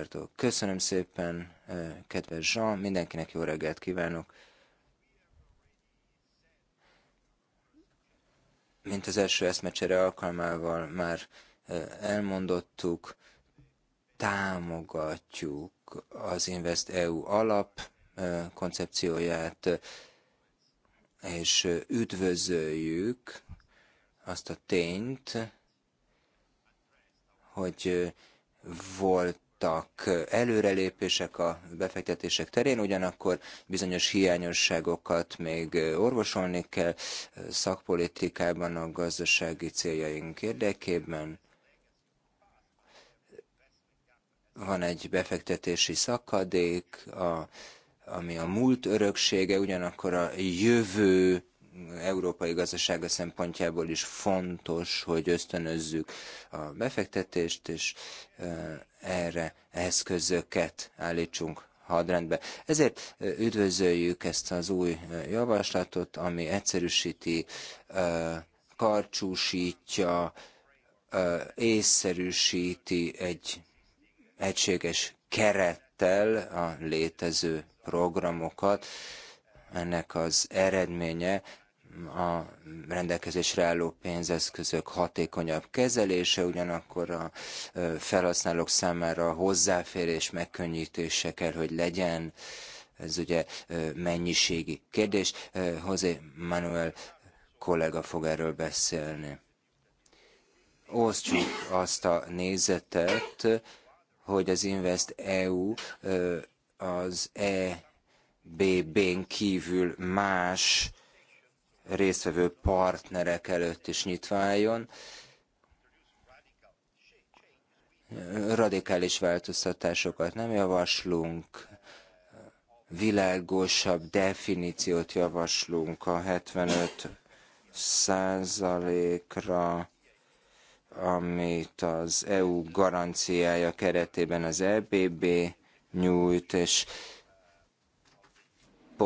Roberto. Köszönöm szépen, eh, kedves Jean, mindenkinek jó reggelt kívánok. Mint az első eszmecsere alkalmával már eh, elmondottuk, támogatjuk az Invest EU alap eh, koncepcióját, és üdvözöljük azt a tényt, hogy volt voltak előrelépések a befektetések terén, ugyanakkor bizonyos hiányosságokat még orvosolni kell szakpolitikában a gazdasági céljaink érdekében. Van egy befektetési szakadék, a, ami a múlt öröksége, ugyanakkor a jövő európai gazdasága szempontjából is fontos, hogy ösztönözzük a befektetést, és erre eszközöket állítsunk hadrendbe. Ezért üdvözöljük ezt az új javaslatot, ami egyszerűsíti, karcsúsítja, észszerűsíti egy egységes kerettel a létező programokat, ennek az eredménye a rendelkezésre álló pénzeszközök hatékonyabb kezelése, ugyanakkor a felhasználók számára hozzáférés megkönnyítése kell, hogy legyen. Ez ugye mennyiségi kérdés. José Manuel kollega fog erről beszélni. Osztjuk azt a nézetet, hogy az Invest EU az E BB-n kívül más résztvevő partnerek előtt is nyitva álljon. Radikális változtatásokat nem javaslunk, világosabb definíciót javaslunk a 75 százalékra, amit az EU garanciája keretében az EBB nyújt, és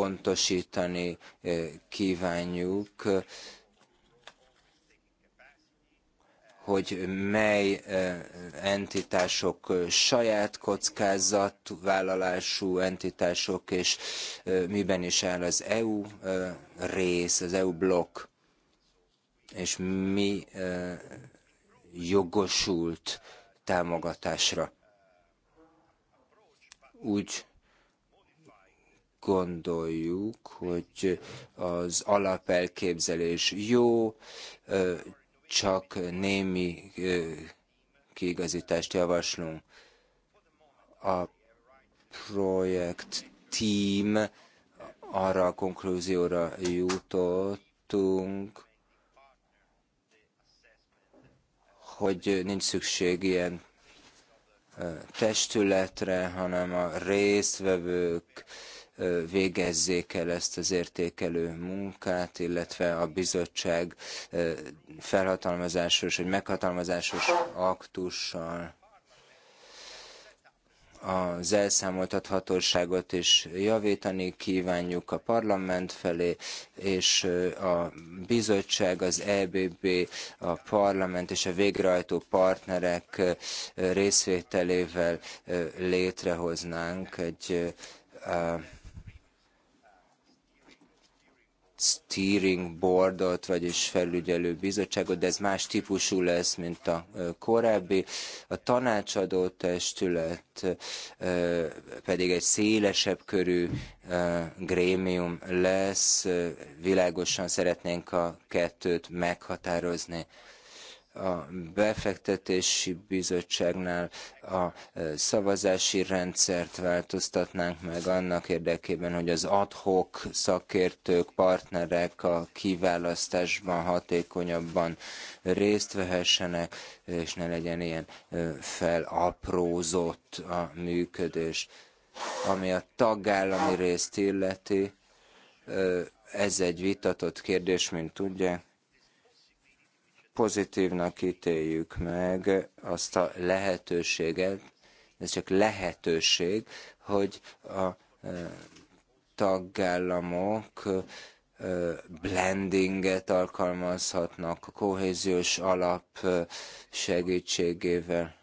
pontosítani kívánjuk, hogy mely entitások saját kockázatvállalású entitások, és miben is áll az EU rész, az EU blokk, és mi jogosult támogatásra. Úgy gondoljuk, hogy az alapelképzelés jó, csak némi kiigazítást javaslunk. A projekt team arra a konklúzióra jutottunk, hogy nincs szükség ilyen testületre, hanem a résztvevők végezzék el ezt az értékelő munkát, illetve a bizottság felhatalmazásos vagy meghatalmazásos aktussal az elszámoltathatóságot is javítani kívánjuk a parlament felé, és a bizottság, az EBB, a parlament és a végrehajtó partnerek részvételével létrehoznánk egy steering boardot, vagyis felügyelő bizottságot, de ez más típusú lesz, mint a korábbi. A tanácsadó testület pedig egy szélesebb körű grémium lesz, világosan szeretnénk a kettőt meghatározni a befektetési bizottságnál a e, szavazási rendszert változtatnánk meg annak érdekében, hogy az adhok szakértők, partnerek a kiválasztásban hatékonyabban részt vehessenek, és ne legyen ilyen e, felaprózott a működés. Ami a tagállami részt illeti, e, ez egy vitatott kérdés, mint tudják pozitívnak ítéljük meg azt a lehetőséget, ez csak lehetőség, hogy a e, tagállamok e, blendinget alkalmazhatnak a kohéziós alap e, segítségével.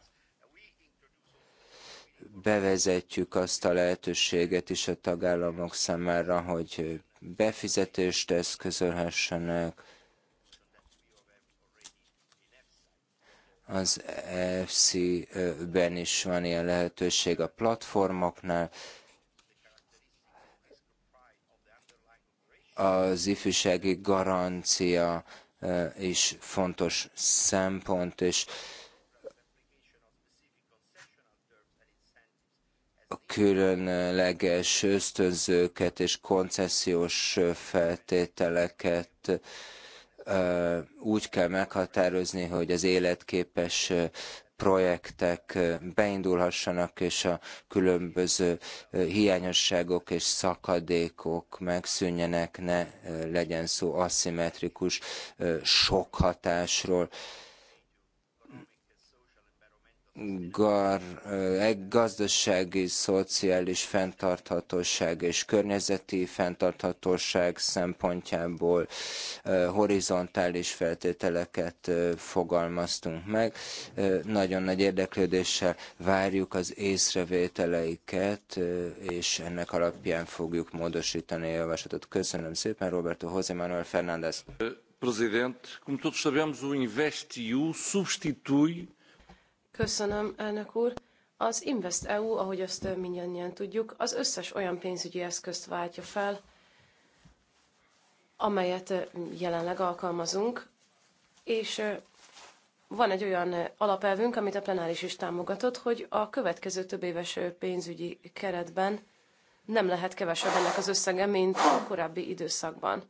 Bevezetjük azt a lehetőséget is a tagállamok számára, hogy befizetést eszközölhessenek, Az efc ben is van ilyen lehetőség a platformoknál. Az ifjúsági garancia eh, is fontos szempont, és különleges ösztönzőket és koncesziós feltételeket úgy kell meghatározni, hogy az életképes projektek beindulhassanak, és a különböző hiányosságok és szakadékok megszűnjenek, ne legyen szó aszimmetrikus sok hatásról gar, gazdasági, szociális fenntarthatóság és környezeti fenntarthatóság szempontjából horizontális feltételeket fogalmaztunk meg. Nagyon nagy érdeklődéssel várjuk az észrevételeiket, és ennek alapján fogjuk módosítani a javaslatot. Köszönöm szépen, Roberto José Manuel Fernández. Presidente, como todos sabemos, o InvestEU substitui Köszönöm, elnök úr. Az InvestEU, ahogy azt mindannyian tudjuk, az összes olyan pénzügyi eszközt váltja fel, amelyet jelenleg alkalmazunk, és van egy olyan alapelvünk, amit a plenáris is támogatott, hogy a következő több éves pénzügyi keretben nem lehet kevesebb ennek az összege, mint a korábbi időszakban.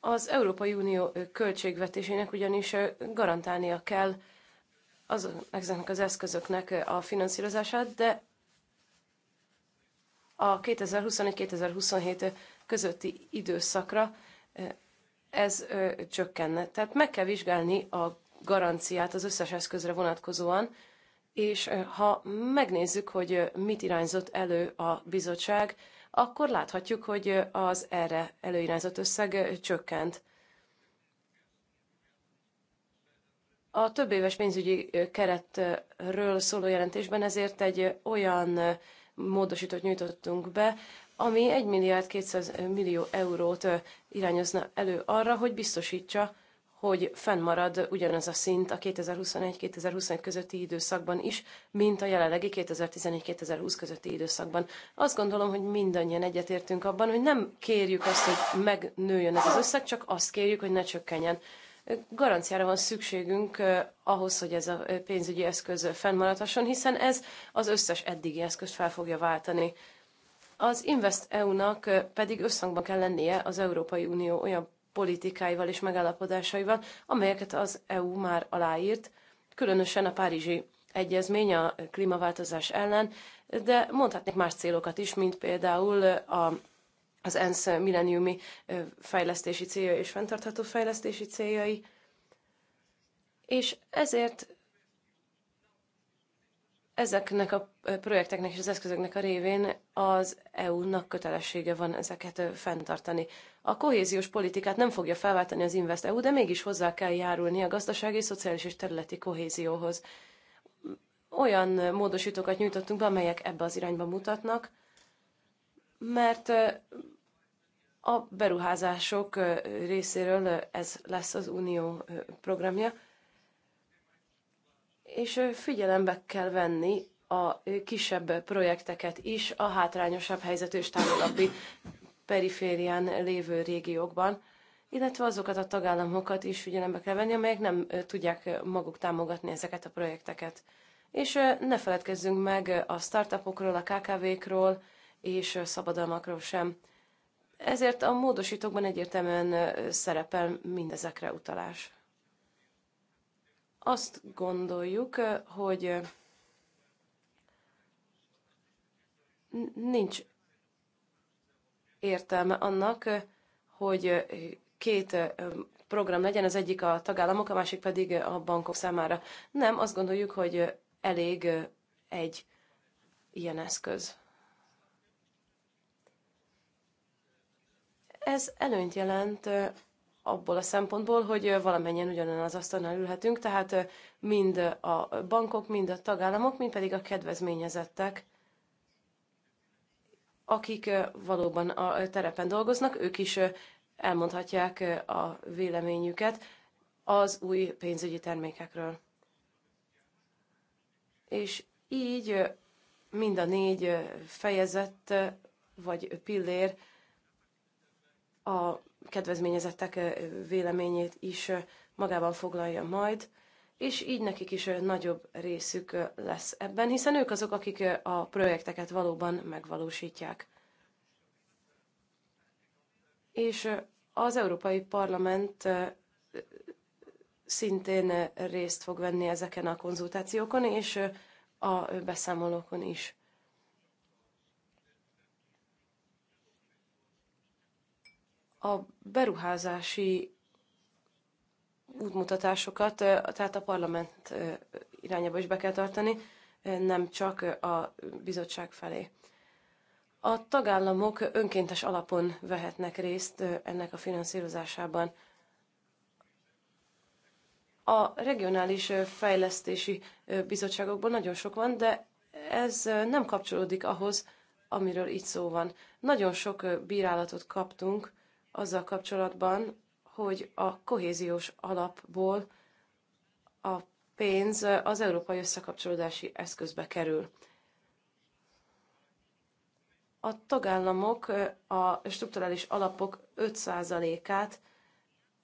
Az Európai Unió költségvetésének ugyanis garantálnia kell azon, ezeknek az eszközöknek a finanszírozását, de a 2021-2027 közötti időszakra eh, ez eh, csökkenne. Tehát meg kell vizsgálni a garanciát az összes eszközre vonatkozóan, és eh, ha megnézzük, hogy mit irányzott elő a bizottság, akkor láthatjuk, hogy az erre előirányzott összeg csökkent. A több éves pénzügyi keretről szóló jelentésben ezért egy olyan módosítót nyújtottunk be, ami 1 milliárd 200 millió eurót irányozna elő arra, hogy biztosítsa, hogy fennmarad ugyanaz a szint a 2021-2025 közötti időszakban is, mint a jelenlegi 2014-2020 közötti időszakban. Azt gondolom, hogy mindannyian egyetértünk abban, hogy nem kérjük azt, hogy megnőjön ez az összeg, csak azt kérjük, hogy ne csökkenjen garanciára van szükségünk ahhoz, hogy ez a pénzügyi eszköz fennmaradhasson, hiszen ez az összes eddigi eszközt fel fogja váltani. Az Invest EU-nak pedig összhangban kell lennie az Európai Unió olyan politikáival és megállapodásaival, amelyeket az EU már aláírt, különösen a Párizsi Egyezmény a klímaváltozás ellen, de mondhatnék más célokat is, mint például a az ENSZ milleniumi fejlesztési célja és fenntartható fejlesztési céljai. És ezért ezeknek a projekteknek és az eszközöknek a révén az EU-nak kötelessége van ezeket fenntartani. A kohéziós politikát nem fogja felváltani az Invest EU, de mégis hozzá kell járulni a gazdasági, szociális és területi kohézióhoz. Olyan módosítókat nyújtottunk be, amelyek ebbe az irányba mutatnak, mert a beruházások részéről ez lesz az unió programja, és figyelembe kell venni a kisebb projekteket is a hátrányosabb helyzetű és távolabbi periférián lévő régiókban, illetve azokat a tagállamokat is figyelembe kell venni, amelyek nem tudják maguk támogatni ezeket a projekteket. És ne feledkezzünk meg a startupokról, a KKV-król, és szabadalmakról sem. Ezért a módosítókban egyértelműen szerepel mindezekre utalás. Azt gondoljuk, hogy nincs értelme annak, hogy két program legyen, az egyik a tagállamok, a másik pedig a bankok számára. Nem, azt gondoljuk, hogy elég egy ilyen eszköz. Ez előnyt jelent abból a szempontból, hogy valamennyien ugyanen az asztalnál ülhetünk, tehát mind a bankok, mind a tagállamok, mind pedig a kedvezményezettek, akik valóban a terepen dolgoznak, ők is elmondhatják a véleményüket az új pénzügyi termékekről. És így mind a négy fejezet vagy pillér a kedvezményezettek véleményét is magában foglalja majd, és így nekik is nagyobb részük lesz ebben, hiszen ők azok, akik a projekteket valóban megvalósítják. És az Európai Parlament szintén részt fog venni ezeken a konzultációkon és a beszámolókon is. a beruházási útmutatásokat, tehát a parlament irányába is be kell tartani, nem csak a bizottság felé. A tagállamok önkéntes alapon vehetnek részt ennek a finanszírozásában. A regionális fejlesztési bizottságokban nagyon sok van, de ez nem kapcsolódik ahhoz, amiről itt szó van. Nagyon sok bírálatot kaptunk azzal kapcsolatban, hogy a kohéziós alapból a pénz az európai összekapcsolódási eszközbe kerül. A tagállamok a strukturális alapok 5%-át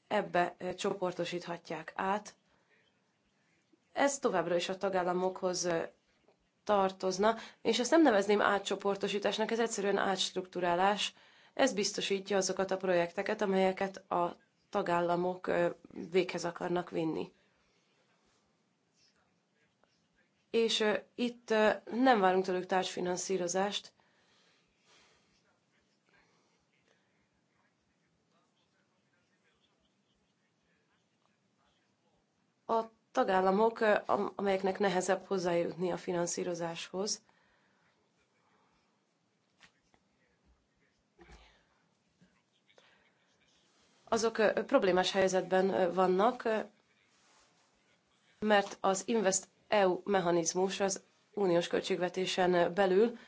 ebbe csoportosíthatják át. Ez továbbra is a tagállamokhoz tartozna, és ezt nem nevezném átcsoportosításnak, ez egyszerűen átstruktúrálás, ez biztosítja azokat a projekteket, amelyeket a tagállamok véghez akarnak vinni. És itt nem várunk tőlük társfinanszírozást, a tagállamok, amelyeknek nehezebb hozzájutni a finanszírozáshoz, azok problémás helyzetben vannak, mert az Invest EU mechanizmus az uniós költségvetésen belül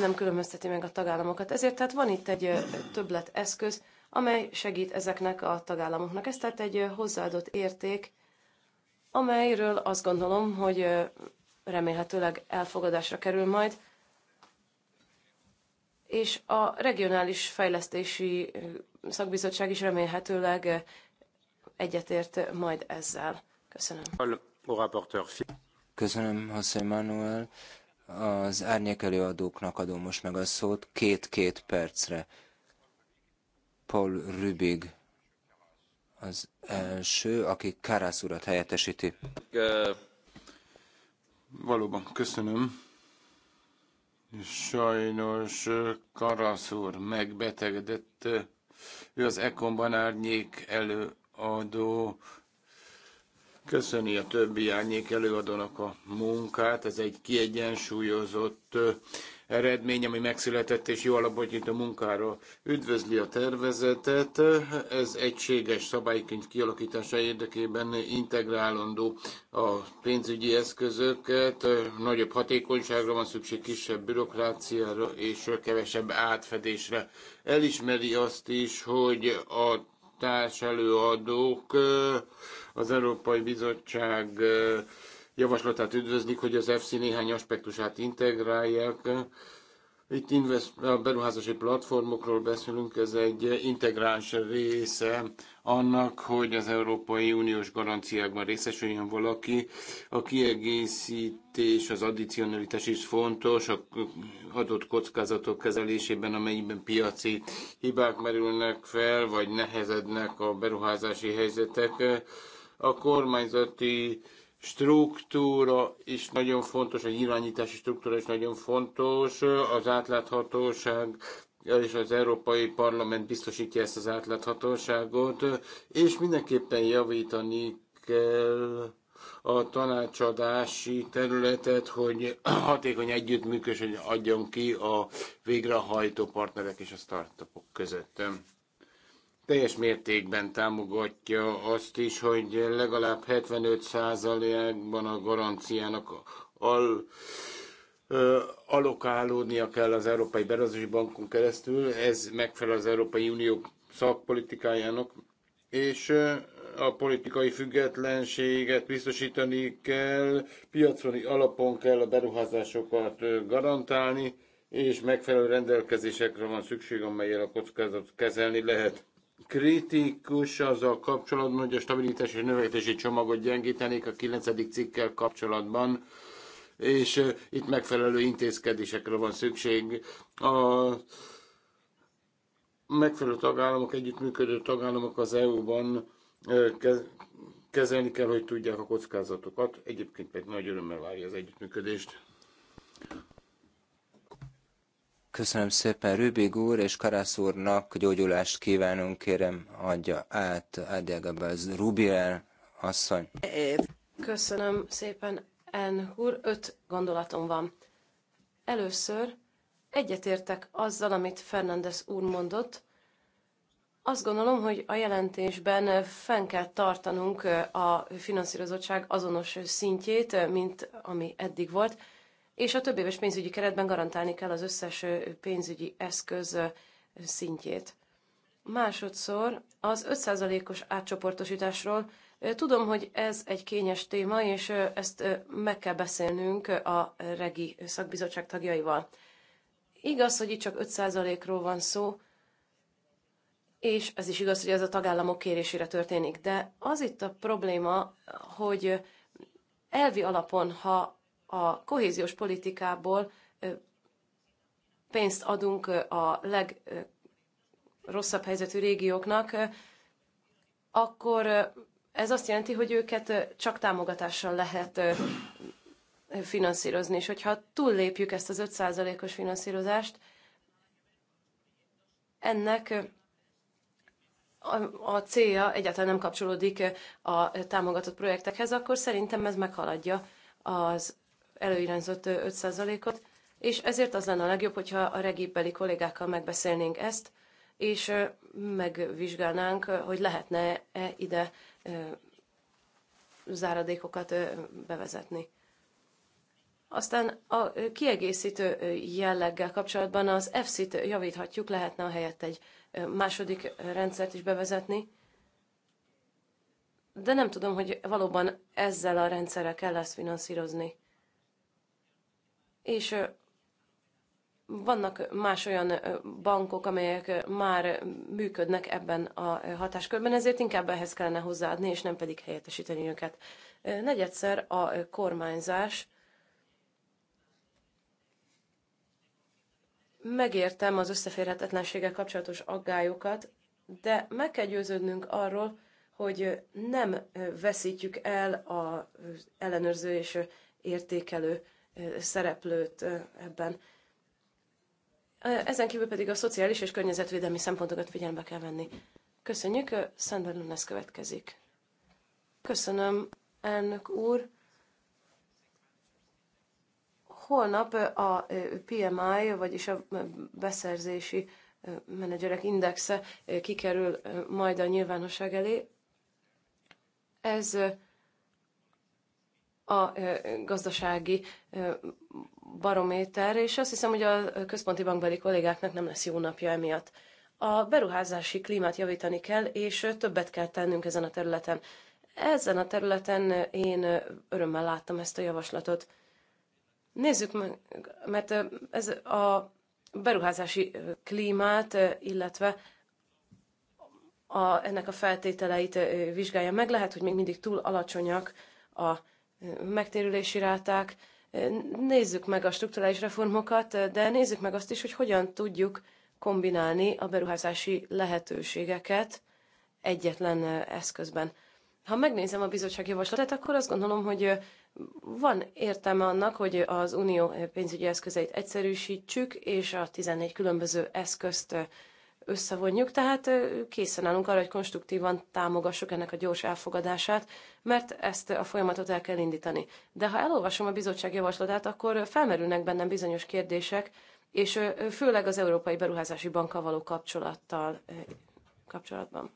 nem különbözteti meg a tagállamokat. Ezért tehát van itt egy többlet eszköz, amely segít ezeknek a tagállamoknak. Ez tehát egy hozzáadott érték, amelyről azt gondolom, hogy remélhetőleg elfogadásra kerül majd, és a regionális fejlesztési szakbizottság is remélhetőleg egyetért majd ezzel. Köszönöm. Köszönöm, José Manuel. Az árnyékelőadóknak adom most meg a szót két-két percre. Paul Rübig az első, aki Karász urat helyettesíti. Valóban köszönöm Sajnos Karasz úr megbetegedett. Ő az Ekonban árnyék előadó. Köszöni a többi árnyék előadónak a munkát. Ez egy kiegyensúlyozott eredmény, ami megszületett, és jó alapot a munkára. Üdvözli a tervezetet, ez egységes szabálykönyv kialakítása érdekében integrálandó a pénzügyi eszközöket, nagyobb hatékonyságra van szükség, kisebb bürokráciára és kevesebb átfedésre. Elismeri azt is, hogy a társelőadók az Európai Bizottság javaslatát üdvözlik, hogy az FC néhány aspektusát integrálják. Itt invest, a beruházási platformokról beszélünk, ez egy integráns része annak, hogy az Európai Uniós garanciákban részesüljön valaki. A kiegészítés, az addicionalitás is fontos, a adott kockázatok kezelésében, amelyben piaci hibák merülnek fel, vagy nehezednek a beruházási helyzetek. A kormányzati struktúra is nagyon fontos, a irányítási struktúra is nagyon fontos, az átláthatóság, és az Európai Parlament biztosítja ezt az átláthatóságot, és mindenképpen javítani kell a tanácsadási területet, hogy hatékony együttműködés, adjon ki a végrehajtó partnerek és a startupok között teljes mértékben támogatja azt is, hogy legalább 75%-ban a garanciának al, ö, alokálódnia kell az Európai Berazási Bankon keresztül, ez megfelel az Európai Unió szakpolitikájának, és a politikai függetlenséget biztosítani kell, piaconi alapon kell a beruházásokat garantálni, és megfelelő rendelkezésekre van szükség, amelyel a kockázatot kezelni lehet kritikus az a kapcsolatban, hogy a stabilitás és növekedési csomagot gyengítenék a 9. cikkel kapcsolatban, és itt megfelelő intézkedésekre van szükség. A megfelelő tagállamok, együttműködő tagállamok az EU-ban kezelni kell, hogy tudják a kockázatokat. Egyébként pedig nagy örömmel várja az együttműködést. Köszönöm szépen Rübig úr és Karász úrnak, gyógyulást kívánunk, kérem adja át Adjágaba az Rubiel asszony. Köszönöm szépen, En úr, öt gondolatom van. Először egyetértek azzal, amit Fernandez úr mondott. Azt gondolom, hogy a jelentésben fenn kell tartanunk a finanszírozottság azonos szintjét, mint ami eddig volt, és a több éves pénzügyi keretben garantálni kell az összes pénzügyi eszköz szintjét. Másodszor az 5%-os átcsoportosításról tudom, hogy ez egy kényes téma, és ezt meg kell beszélnünk a regi szakbizottság tagjaival. Igaz, hogy itt csak 5%-ról van szó, és ez is igaz, hogy ez a tagállamok kérésére történik, de az itt a probléma, hogy elvi alapon, ha a kohéziós politikából pénzt adunk a legrosszabb helyzetű régióknak, akkor ez azt jelenti, hogy őket csak támogatással lehet finanszírozni, és hogyha túllépjük ezt az 5%-os finanszírozást, ennek a célja egyáltalán nem kapcsolódik a támogatott projektekhez, akkor szerintem ez meghaladja az előirányzott 5%-ot, és ezért az lenne a legjobb, hogyha a regépbeli kollégákkal megbeszélnénk ezt, és megvizsgálnánk, hogy lehetne-e ide záradékokat bevezetni. Aztán a kiegészítő jelleggel kapcsolatban az EFSZ-t javíthatjuk, lehetne a helyett egy második rendszert is bevezetni, de nem tudom, hogy valóban ezzel a rendszerrel kell ezt finanszírozni és vannak más olyan bankok, amelyek már működnek ebben a hatáskörben, ezért inkább ehhez kellene hozzáadni, és nem pedig helyettesíteni őket. Negyedszer a kormányzás. Megértem az összeférhetetlenséggel kapcsolatos aggályokat, de meg kell győződnünk arról, hogy nem veszítjük el az ellenőrző és értékelő szereplőt ebben. Ezen kívül pedig a szociális és környezetvédelmi szempontokat figyelembe kell venni. Köszönjük, Sander Lunes következik. Köszönöm, elnök úr. Holnap a PMI, vagyis a beszerzési menedzserek indexe kikerül majd a nyilvánosság elé. Ez a gazdasági barométer, és azt hiszem, hogy a központi bankbeli kollégáknak nem lesz jó napja emiatt. A beruházási klímát javítani kell, és többet kell tennünk ezen a területen. Ezen a területen én örömmel láttam ezt a javaslatot. Nézzük meg, mert ez a beruházási klímát, illetve a, ennek a feltételeit vizsgálja meg. Lehet, hogy még mindig túl alacsonyak a megtérülési ráták. Nézzük meg a strukturális reformokat, de nézzük meg azt is, hogy hogyan tudjuk kombinálni a beruházási lehetőségeket egyetlen eszközben. Ha megnézem a bizottság javaslatát, akkor azt gondolom, hogy van értelme annak, hogy az unió pénzügyi eszközeit egyszerűsítsük, és a 14 különböző eszközt összevonjuk, tehát készen állunk arra, hogy konstruktívan támogassuk ennek a gyors elfogadását, mert ezt a folyamatot el kell indítani. De ha elolvasom a bizottság javaslatát, akkor felmerülnek bennem bizonyos kérdések, és főleg az Európai Beruházási Bankkal való kapcsolattal kapcsolatban.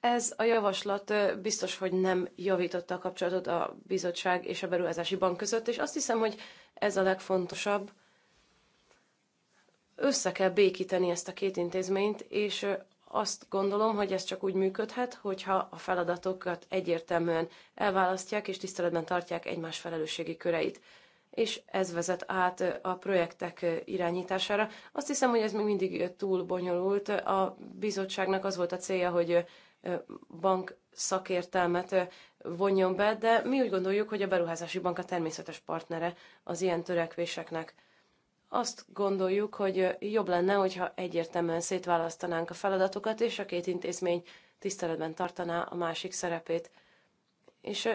Ez a javaslat biztos, hogy nem javította a kapcsolatot a bizottság és a beruházási bank között, és azt hiszem, hogy ez a legfontosabb – össze kell békíteni ezt a két intézményt, és azt gondolom, hogy ez csak úgy működhet, hogyha a feladatokat egyértelműen elválasztják és tiszteletben tartják egymás felelősségi köreit. És ez vezet át a projektek irányítására. Azt hiszem, hogy ez még mindig túl bonyolult. A bizottságnak az volt a célja, hogy bank szakértelmet vonjon be, de mi úgy gondoljuk, hogy a beruházási bank a természetes partnere az ilyen törekvéseknek azt gondoljuk, hogy jobb lenne, hogyha egyértelműen szétválasztanánk a feladatokat, és a két intézmény tiszteletben tartaná a másik szerepét. És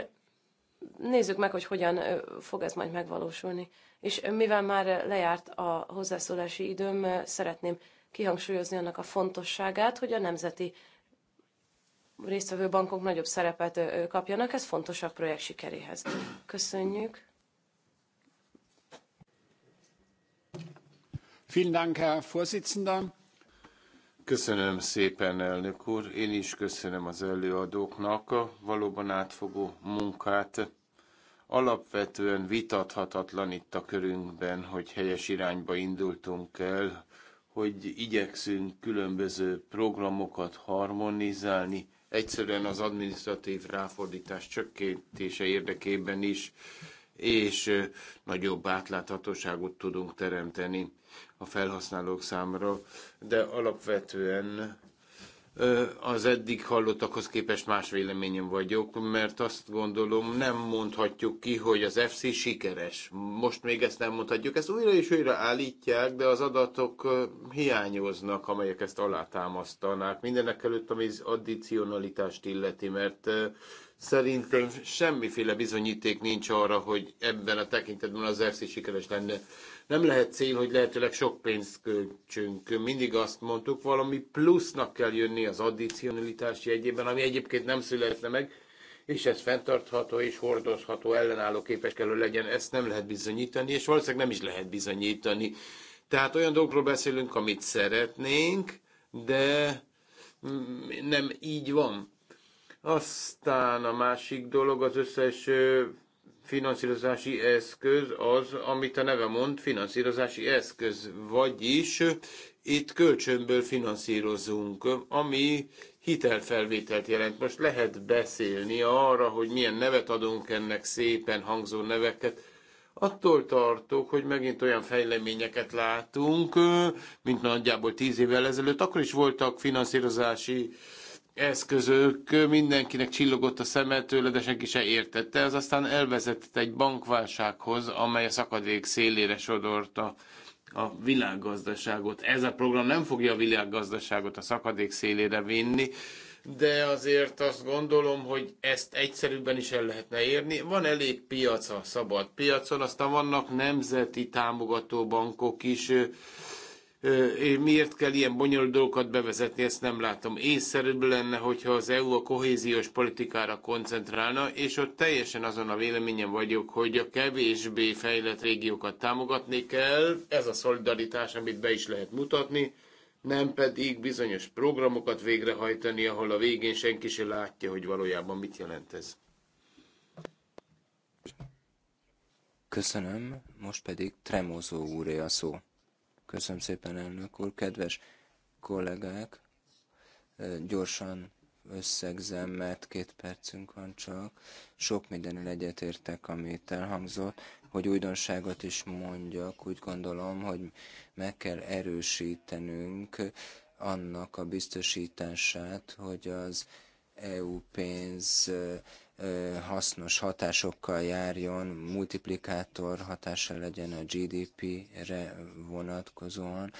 nézzük meg, hogy hogyan fog ez majd megvalósulni. És mivel már lejárt a hozzászólási időm, szeretném kihangsúlyozni annak a fontosságát, hogy a nemzeti résztvevő bankok nagyobb szerepet kapjanak, ez fontos a projekt sikeréhez. Köszönjük. Köszönöm szépen, elnök úr. Én is köszönöm az előadóknak a valóban átfogó munkát. Alapvetően vitathatatlan itt a körünkben, hogy helyes irányba indultunk el, hogy igyekszünk különböző programokat harmonizálni, egyszerűen az adminisztratív ráfordítás csökkentése érdekében is, és nagyobb átláthatóságot tudunk teremteni a felhasználók számára, de alapvetően az eddig hallottakhoz képest más véleményem vagyok, mert azt gondolom nem mondhatjuk ki, hogy az FC sikeres. Most még ezt nem mondhatjuk, ezt újra és újra állítják, de az adatok hiányoznak, amelyek ezt alátámasztanák. Mindenek előtt, ami az addicionalitást illeti, mert szerintem semmiféle bizonyíték nincs arra, hogy ebben a tekintetben az FC sikeres lenne. Nem lehet cél, hogy lehetőleg sok pénzt költsünk. Mindig azt mondtuk, valami plusznak kell jönni az addicionalitás jegyében, ami egyébként nem születne meg, és ez fenntartható és hordozható, ellenálló képes kell, legyen. Ezt nem lehet bizonyítani, és valószínűleg nem is lehet bizonyítani. Tehát olyan dolgokról beszélünk, amit szeretnénk, de mm, nem így van. Aztán a másik dolog az összes finanszírozási eszköz az, amit a neve mond, finanszírozási eszköz, vagyis itt kölcsönből finanszírozunk, ami hitelfelvételt jelent. Most lehet beszélni arra, hogy milyen nevet adunk ennek szépen hangzó neveket. Attól tartok, hogy megint olyan fejleményeket látunk, mint nagyjából tíz évvel ezelőtt. Akkor is voltak finanszírozási eszközök, mindenkinek csillogott a szeme tőle, de senki se értette. Ez aztán elvezetett egy bankválsághoz, amely a szakadék szélére sodorta a világgazdaságot. Ez a program nem fogja a világgazdaságot a szakadék szélére vinni, de azért azt gondolom, hogy ezt egyszerűbben is el lehetne érni. Van elég piac a szabad piacon, aztán vannak nemzeti támogató bankok is, miért kell ilyen bonyolult dolgokat bevezetni, ezt nem látom. Észszerűbb lenne, hogyha az EU a kohéziós politikára koncentrálna, és ott teljesen azon a véleményen vagyok, hogy a kevésbé fejlett régiókat támogatni kell, ez a szolidaritás, amit be is lehet mutatni, nem pedig bizonyos programokat végrehajtani, ahol a végén senki se látja, hogy valójában mit jelent ez. Köszönöm, most pedig Tremozó úré a szó. Köszönöm szépen, elnök úr. Kedves kollégák, gyorsan összegzem, mert két percünk van csak. Sok mindenül egyetértek, amit elhangzott. Hogy újdonságot is mondjak, úgy gondolom, hogy meg kell erősítenünk annak a biztosítását, hogy az EU pénz hasznos hatásokkal járjon, multiplikátor hatása legyen a GDP-re vonatkozóan.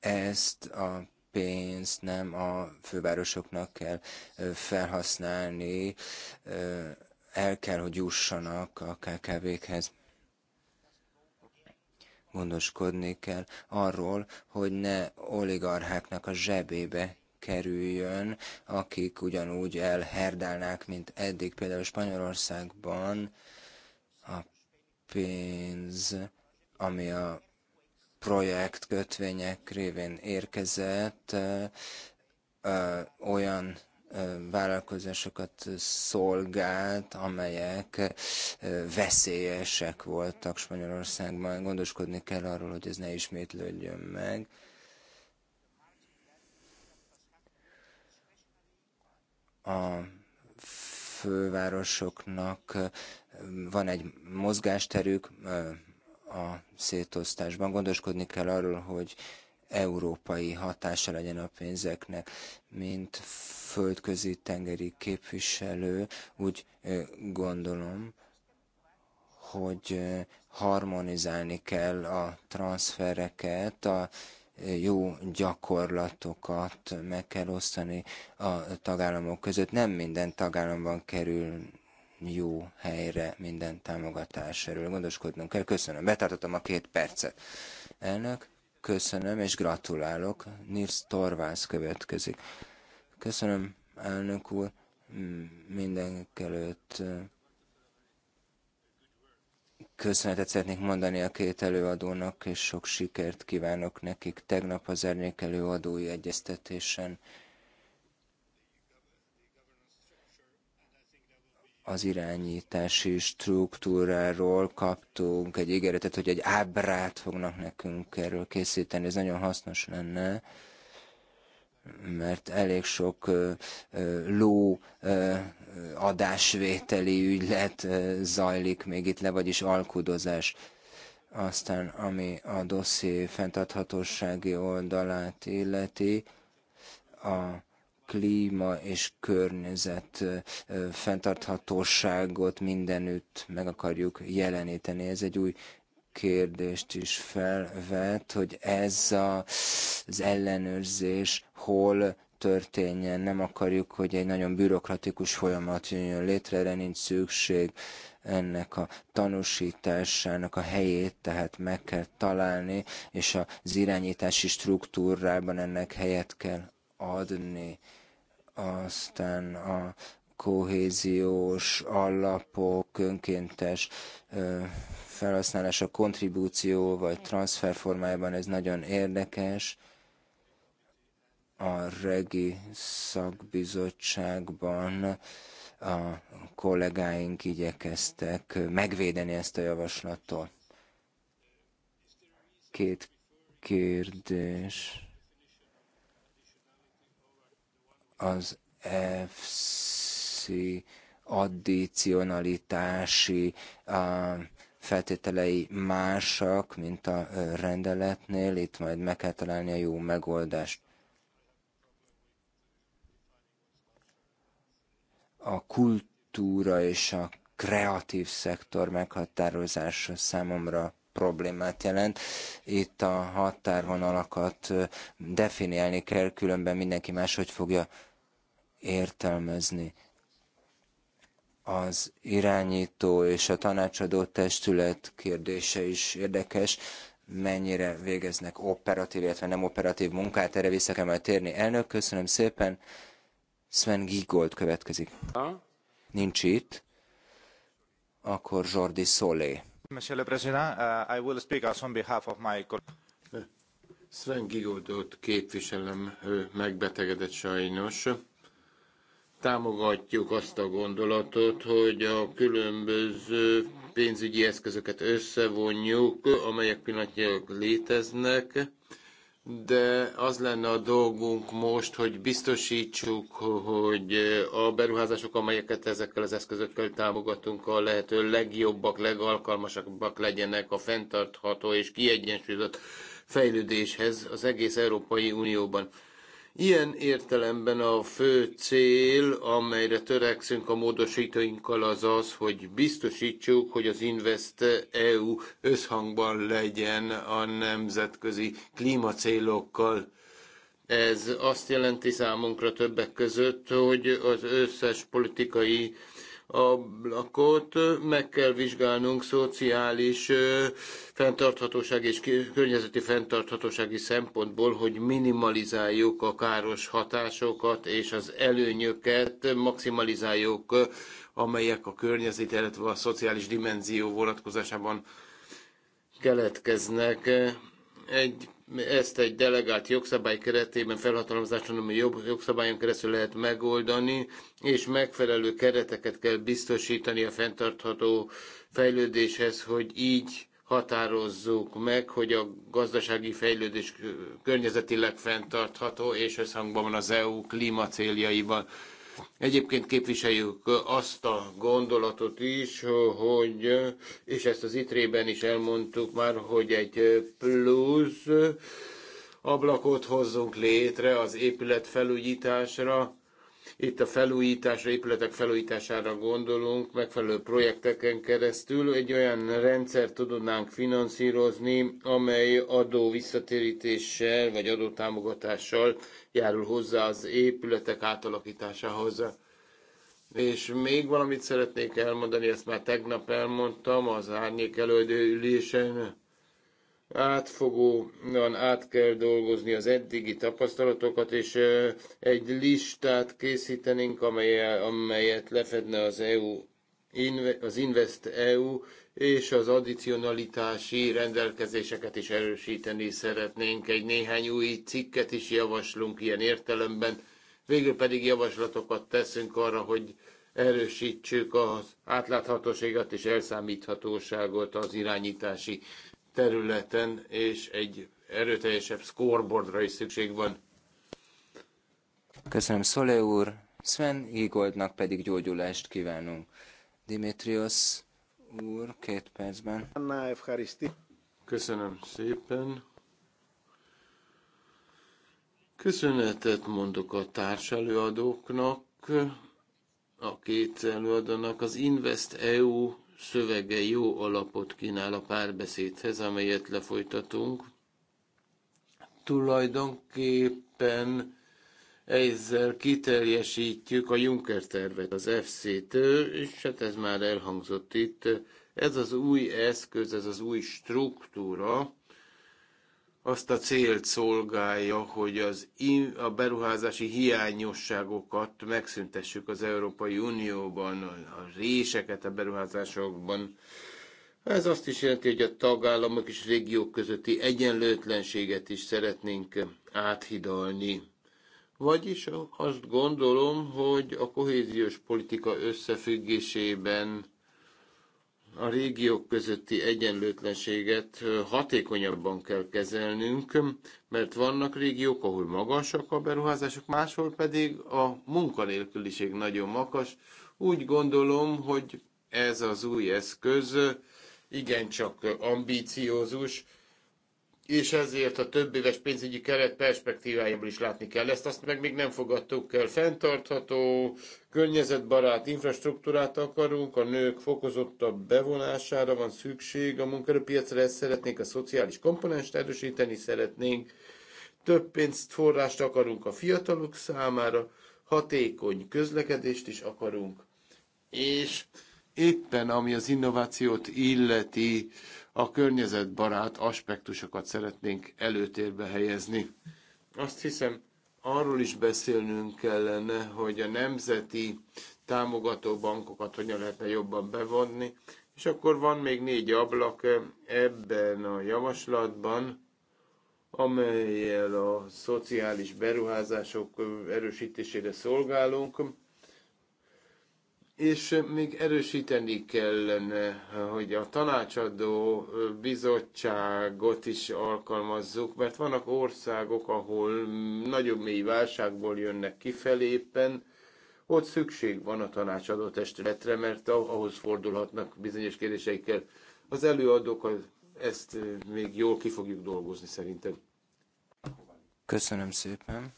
Ezt a pénzt nem a fővárosoknak kell felhasználni, el kell, hogy jussanak a KKV-khez gondoskodni kell arról, hogy ne oligarcháknak a zsebébe kerüljön, akik ugyanúgy elherdálnák, mint eddig például Spanyolországban a pénz, ami a projekt kötvények révén érkezett, olyan vállalkozásokat szolgált, amelyek veszélyesek voltak Spanyolországban. Gondoskodni kell arról, hogy ez ne ismétlődjön meg. a fővárosoknak van egy mozgásterük a szétosztásban. Gondoskodni kell arról, hogy európai hatása legyen a pénzeknek, mint földközi tengeri képviselő, úgy gondolom, hogy harmonizálni kell a transfereket a jó gyakorlatokat meg kell osztani a tagállamok között. Nem minden tagállamban kerül jó helyre minden támogatás. Erről gondoskodnunk kell. Köszönöm. Betartottam a két percet. Elnök, köszönöm és gratulálok. Nils Torvász következik. Köszönöm, elnök úr. Mindenkelőtt Köszönetet szeretnék mondani a két előadónak, és sok sikert kívánok nekik tegnap az Ernék előadói egyeztetésen. az irányítási struktúráról kaptunk egy ígéretet, hogy egy ábrát fognak nekünk erről készíteni. Ez nagyon hasznos lenne, mert elég sok ló adásvételi ügylet zajlik még itt le, vagyis alkudozás. Aztán, ami a dosszi fenntarthatósági oldalát illeti, a klíma és környezet fenntarthatóságot mindenütt meg akarjuk jeleníteni. Ez egy új kérdést is felvet, hogy ez a, az ellenőrzés hol történjen, nem akarjuk, hogy egy nagyon bürokratikus folyamat jön létre, erre nincs szükség ennek a tanúsításának a helyét, tehát meg kell találni, és az irányítási struktúrában ennek helyet kell adni. Aztán a kohéziós alapok, önkéntes felhasználása, kontribúció vagy transfer formájában ez nagyon érdekes a regi szakbizottságban a kollégáink igyekeztek megvédeni ezt a javaslatot. Két kérdés. Az FC addicionalitási feltételei másak, mint a rendeletnél, itt majd meg kell találni a jó megoldást. a kultúra és a kreatív szektor meghatározása számomra problémát jelent. Itt a határvonalakat definiálni kell, különben mindenki máshogy fogja értelmezni. Az irányító és a tanácsadó testület kérdése is érdekes, mennyire végeznek operatív, illetve nem operatív munkát, erre vissza kell majd térni. Elnök, köszönöm szépen! Sven Giegold következik. Ha? Nincs itt. Akkor Jordi Solé. Monsieur le Président, uh, I will speak as on behalf of my Sven Gigoldot képviselem, ő megbetegedett sajnos. Támogatjuk azt a gondolatot, hogy a különböző pénzügyi eszközöket összevonjuk, amelyek pillanatnyilag léteznek, de az lenne a dolgunk most, hogy biztosítsuk, hogy a beruházások, amelyeket ezekkel az eszközökkel támogatunk, a lehető legjobbak, legalkalmasabbak legyenek a fenntartható és kiegyensúlyozott fejlődéshez az egész Európai Unióban. Ilyen értelemben a fő cél, amelyre törekszünk a módosítóinkkal, az az, hogy biztosítsuk, hogy az Invest EU összhangban legyen a nemzetközi klímacélokkal. Ez azt jelenti számunkra többek között, hogy az összes politikai ablakot, meg kell vizsgálnunk szociális fenntarthatóság és környezeti fenntarthatósági szempontból, hogy minimalizáljuk a káros hatásokat és az előnyöket, maximalizáljuk, amelyek a környezet, illetve a szociális dimenzió vonatkozásában keletkeznek. Egy ezt egy delegált jogszabály keretében felhatalmazáson, ami jobb jogszabályon keresztül lehet megoldani, és megfelelő kereteket kell biztosítani a fenntartható fejlődéshez, hogy így határozzuk meg, hogy a gazdasági fejlődés környezetileg fenntartható és összhangban van az EU klímacéljaival. Egyébként képviseljük azt a gondolatot is, hogy, és ezt az itrében is elmondtuk már, hogy egy plusz ablakot hozzunk létre az épület felújításra, itt a felújításra, épületek felújítására gondolunk, megfelelő projekteken keresztül egy olyan rendszer tudnánk finanszírozni, amely adó visszatérítéssel vagy adótámogatással járul hozzá az épületek átalakításához. És még valamit szeretnék elmondani, ezt már tegnap elmondtam az árnyék elődő ülésen átfogóan át kell dolgozni az eddigi tapasztalatokat, és egy listát készítenénk, amelyet lefedne az EU, az Invest EU, és az addicionalitási rendelkezéseket is erősíteni szeretnénk. Egy néhány új cikket is javaslunk ilyen értelemben. Végül pedig javaslatokat teszünk arra, hogy erősítsük az átláthatóságot és elszámíthatóságot az irányítási területen, és egy erőteljesebb scoreboardra is szükség van. Köszönöm Szole úr, Sven Gigoldnak pedig gyógyulást kívánunk. Dimitrios úr, két percben. Köszönöm szépen. Köszönetet mondok a társelőadóknak, a két előadónak. Az Invest EU szövege jó alapot kínál a párbeszédhez, amelyet lefolytatunk. Tulajdonképpen ezzel kiteljesítjük a Juncker tervet az FC-től, és hát ez már elhangzott itt. Ez az új eszköz, ez az új struktúra, azt a célt szolgálja, hogy az in, a beruházási hiányosságokat megszüntessük az Európai Unióban, a réseket a beruházásokban. Ez azt is jelenti, hogy a tagállamok és régiók közötti egyenlőtlenséget is szeretnénk áthidalni. Vagyis azt gondolom, hogy a kohéziós politika összefüggésében a régiók közötti egyenlőtlenséget hatékonyabban kell kezelnünk, mert vannak régiók, ahol magasak a beruházások, máshol pedig a munkanélküliség nagyon magas. Úgy gondolom, hogy ez az új eszköz igencsak ambíciózus, és ezért a több éves pénzügyi keret perspektívájából is látni kell ezt, azt meg még nem fogadtuk el. Fentartható, környezetbarát infrastruktúrát akarunk, a nők fokozottabb bevonására van szükség a munkerőpiacra, ezt szeretnénk a szociális komponenst erősíteni, szeretnénk több pénzt, forrást akarunk a fiatalok számára, hatékony közlekedést is akarunk, és éppen ami az innovációt illeti, a környezetbarát aspektusokat szeretnénk előtérbe helyezni. Azt hiszem, arról is beszélnünk kellene, hogy a nemzeti támogató bankokat hogyan lehetne jobban bevonni, és akkor van még négy ablak ebben a javaslatban, amelyel a szociális beruházások erősítésére szolgálunk és még erősíteni kellene, hogy a tanácsadó bizottságot is alkalmazzuk, mert vannak országok, ahol nagyobb mély válságból jönnek kifelé éppen, ott szükség van a tanácsadó testületre, mert ahhoz fordulhatnak bizonyos kérdéseikkel. Az előadók ezt még jól ki fogjuk dolgozni szerintem. Köszönöm szépen.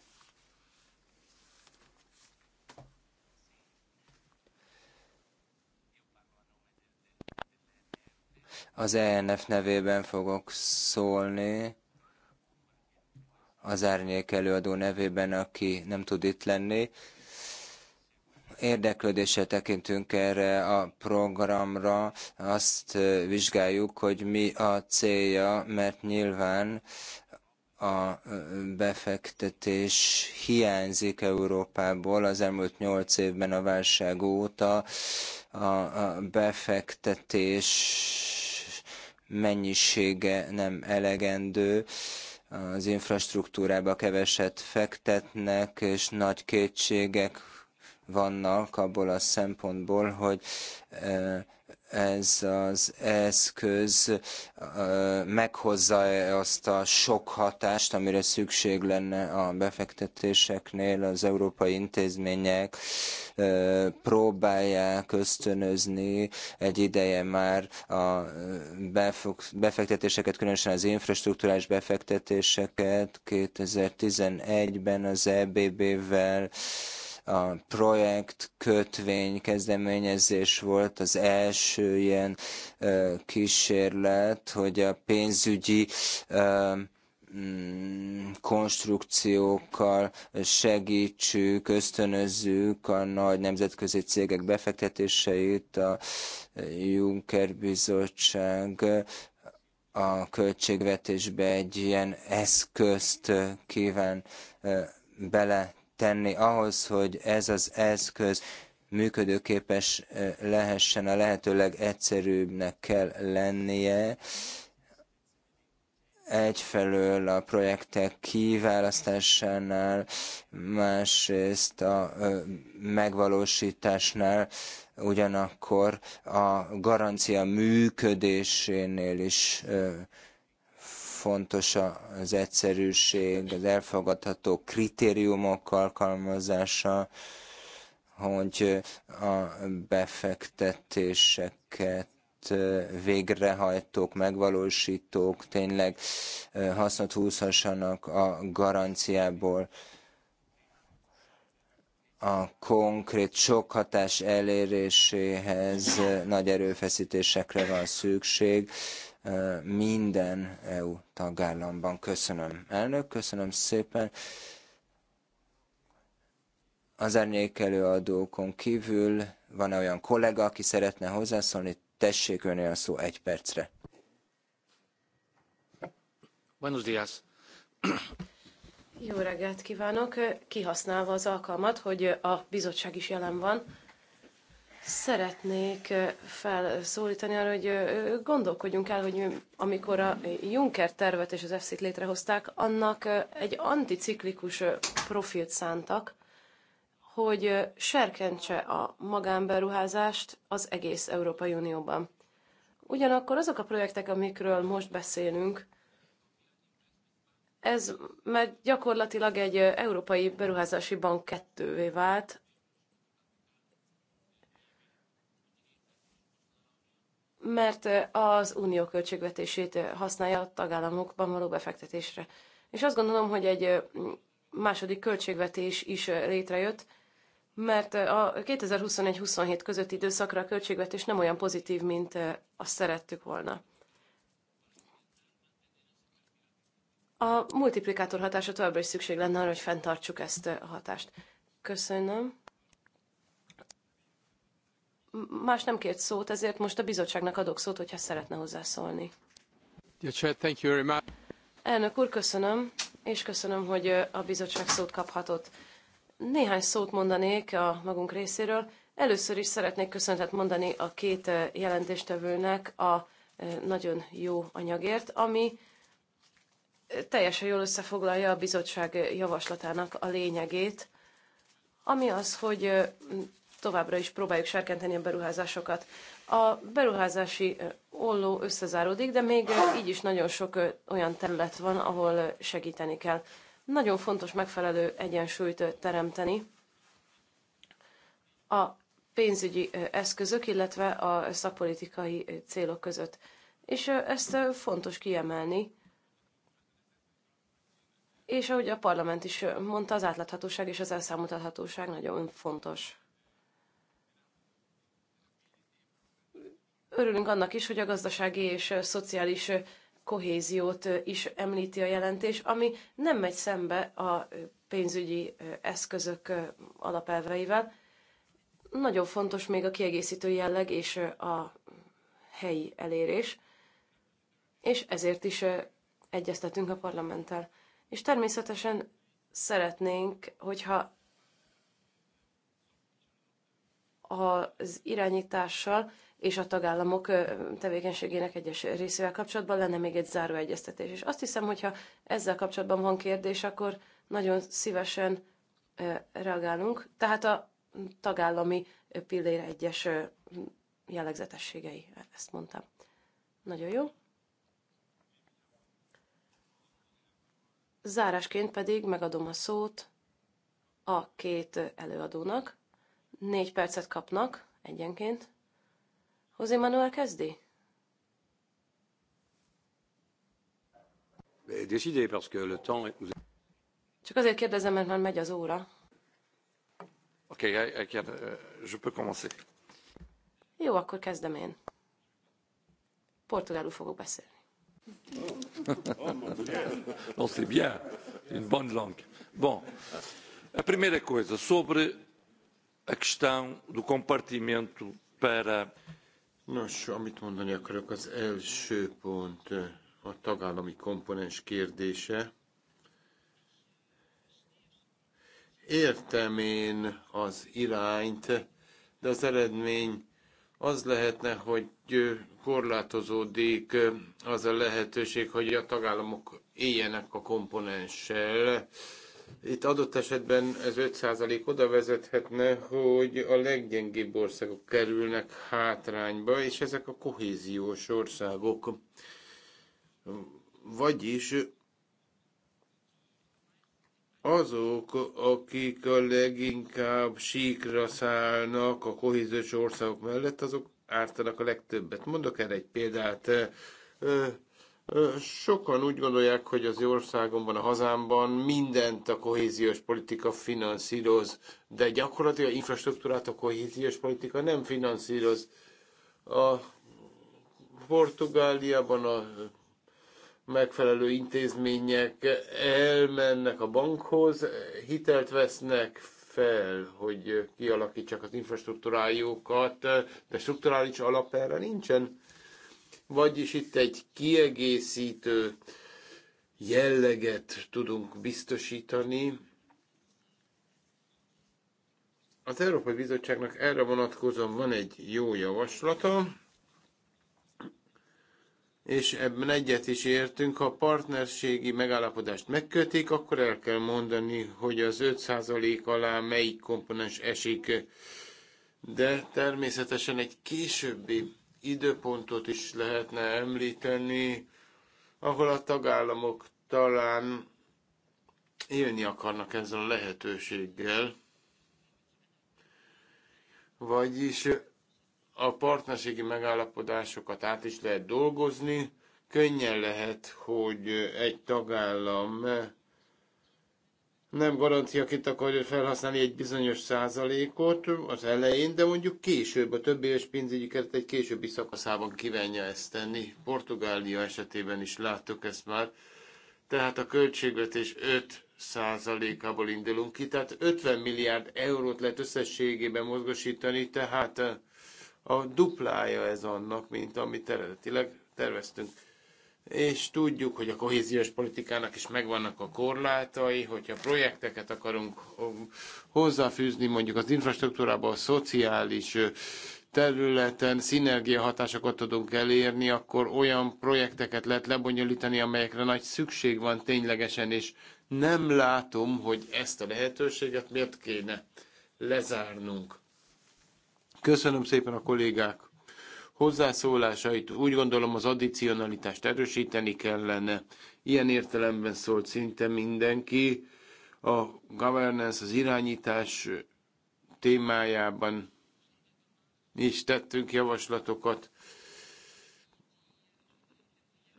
Az ENF nevében fogok szólni, az árnyék előadó nevében, aki nem tud itt lenni. érdeklődése tekintünk erre a programra, azt vizsgáljuk, hogy mi a célja, mert nyilván a befektetés hiányzik Európából az elmúlt nyolc évben a válság óta. A befektetés mennyisége nem elegendő, az infrastruktúrába keveset fektetnek, és nagy kétségek vannak abból a szempontból, hogy ez az eszköz meghozza -e azt a sok hatást, amire szükség lenne a befektetéseknél. Az európai intézmények próbálják ösztönözni egy ideje már a befektetéseket, különösen az infrastruktúrás befektetéseket. 2011-ben az EBB-vel a projekt kötvény kezdeményezés volt az első ilyen kísérlet, hogy a pénzügyi mm, konstrukciókkal segítsük, ösztönözzük a nagy nemzetközi cégek befektetéseit, a Juncker Bizottság a költségvetésbe egy ilyen eszközt kíván bele tenni ahhoz, hogy ez az eszköz működőképes lehessen, a lehetőleg egyszerűbbnek kell lennie. Egyfelől a projektek kiválasztásánál, másrészt a megvalósításnál, ugyanakkor a garancia működésénél is fontos az egyszerűség, az elfogadható kritériumok alkalmazása, hogy a befektetéseket végrehajtók, megvalósítók tényleg hasznot húzhassanak a garanciából. A konkrét sok hatás eléréséhez nagy erőfeszítésekre van szükség, minden EU tagállamban. Köszönöm, elnök, köszönöm szépen. Az adókon kívül van -e olyan kollega, aki szeretne hozzászólni? Tessék önél a szó egy percre. Buenos días. Jó reggelt kívánok! Kihasználva az alkalmat, hogy a bizottság is jelen van, Szeretnék felszólítani arra, hogy gondolkodjunk el, hogy amikor a Juncker tervet és az EFSZ-t létrehozták, annak egy anticiklikus profilt szántak, hogy serkentse a magánberuházást az egész Európai Unióban. Ugyanakkor azok a projektek, amikről most beszélünk, ez már gyakorlatilag egy Európai Beruházási Bank kettővé vált, mert az unió költségvetését használja a tagállamokban való befektetésre. És azt gondolom, hogy egy második költségvetés is létrejött, mert a 2021-27 közötti időszakra a költségvetés nem olyan pozitív, mint azt szerettük volna. A multiplikátor hatása továbbra is szükség lenne arra, hogy fenntartsuk ezt a hatást. Köszönöm. Más nem kért szót, ezért most a bizottságnak adok szót, hogyha szeretne hozzászólni. Thank you very much. Elnök úr, köszönöm, és köszönöm, hogy a bizottság szót kaphatott. Néhány szót mondanék a magunk részéről. Először is szeretnék köszönetet mondani a két jelentéstevőnek a nagyon jó anyagért, ami teljesen jól összefoglalja a bizottság javaslatának a lényegét, ami az, hogy továbbra is próbáljuk serkenteni a beruházásokat. A beruházási olló összezáródik, de még így is nagyon sok olyan terület van, ahol segíteni kell. Nagyon fontos megfelelő egyensúlyt teremteni a pénzügyi eszközök, illetve a szakpolitikai célok között. És ezt fontos kiemelni. És ahogy a parlament is mondta, az átláthatóság és az elszámoltathatóság nagyon fontos. Örülünk annak is, hogy a gazdasági és szociális kohéziót is említi a jelentés, ami nem megy szembe a pénzügyi eszközök alapelveivel. Nagyon fontos még a kiegészítő jelleg és a helyi elérés, és ezért is egyeztetünk a parlamenttel. És természetesen szeretnénk, hogyha az irányítással és a tagállamok tevékenységének egyes részével kapcsolatban lenne még egy záró egyeztetés. És azt hiszem, hogyha ezzel kapcsolatban van kérdés, akkor nagyon szívesen reagálunk. Tehát a tagállami pillér egyes jellegzetességei, ezt mondtam. Nagyon jó. Zárásként pedig megadom a szót a két előadónak. Négy percet kapnak egyenként. José Manuel kezdi? Décidé, parce que le temps... Csak azért kérdezem, mert már megy az óra. Oké, okay, I, I can, uh, je peux commencer. Jó, akkor kezdem én. Portugálul fogok beszélni. oh, c'est bien. Une bonne langue. Bon. a primeira coisa, sobre a questão do compartimento para Nos, amit mondani akarok, az első pont eh, a tagállami komponens kérdése. Értem én az irányt, de az eredmény az lehetne, hogy eh, korlátozódik eh, az a lehetőség, hogy a tagállamok éljenek a komponenssel, itt adott esetben ez 5% oda vezethetne, hogy a leggyengébb országok kerülnek hátrányba, és ezek a kohéziós országok. Vagyis azok, akik a leginkább síkra szállnak a kohéziós országok mellett, azok ártanak a legtöbbet. Mondok erre egy példát. Sokan úgy gondolják, hogy az országomban, a hazámban mindent a kohéziós politika finanszíroz, de gyakorlatilag infrastruktúrát a kohéziós politika nem finanszíroz. A Portugáliában a megfelelő intézmények elmennek a bankhoz, hitelt vesznek fel, hogy kialakítsák az infrastruktúrájukat, de strukturális alap erre nincsen vagyis itt egy kiegészítő jelleget tudunk biztosítani. Az Európai Bizottságnak erre vonatkozóan van egy jó javaslata, és ebben egyet is értünk, ha a partnerségi megállapodást megkötik, akkor el kell mondani, hogy az 5% alá melyik komponens esik, de természetesen egy későbbi időpontot is lehetne említeni, ahol a tagállamok talán élni akarnak ezzel a lehetőséggel, vagyis a partnerségi megállapodásokat át is lehet dolgozni, könnyen lehet, hogy egy tagállam nem garancia kit akarja felhasználni egy bizonyos százalékot az elején, de mondjuk később, a több éves pénzügyi keret egy későbbi szakaszában kívánja ezt tenni. Portugália esetében is láttuk ezt már. Tehát a költségvetés 5 százalékából indulunk ki, tehát 50 milliárd eurót lehet összességében mozgosítani, tehát eh, a duplája ez annak, mint amit eredetileg terveztünk és tudjuk, hogy a kohéziós politikának is megvannak a korlátai, hogyha projekteket akarunk hozzáfűzni mondjuk az infrastruktúrába, a szociális területen hatásokat tudunk elérni, akkor olyan projekteket lehet lebonyolítani, amelyekre nagy szükség van ténylegesen, és nem látom, hogy ezt a lehetőséget miért kéne lezárnunk. Köszönöm szépen a kollégák hozzászólásait. Úgy gondolom az addicionalitást erősíteni kellene. Ilyen értelemben szólt szinte mindenki. A governance, az irányítás témájában is tettünk javaslatokat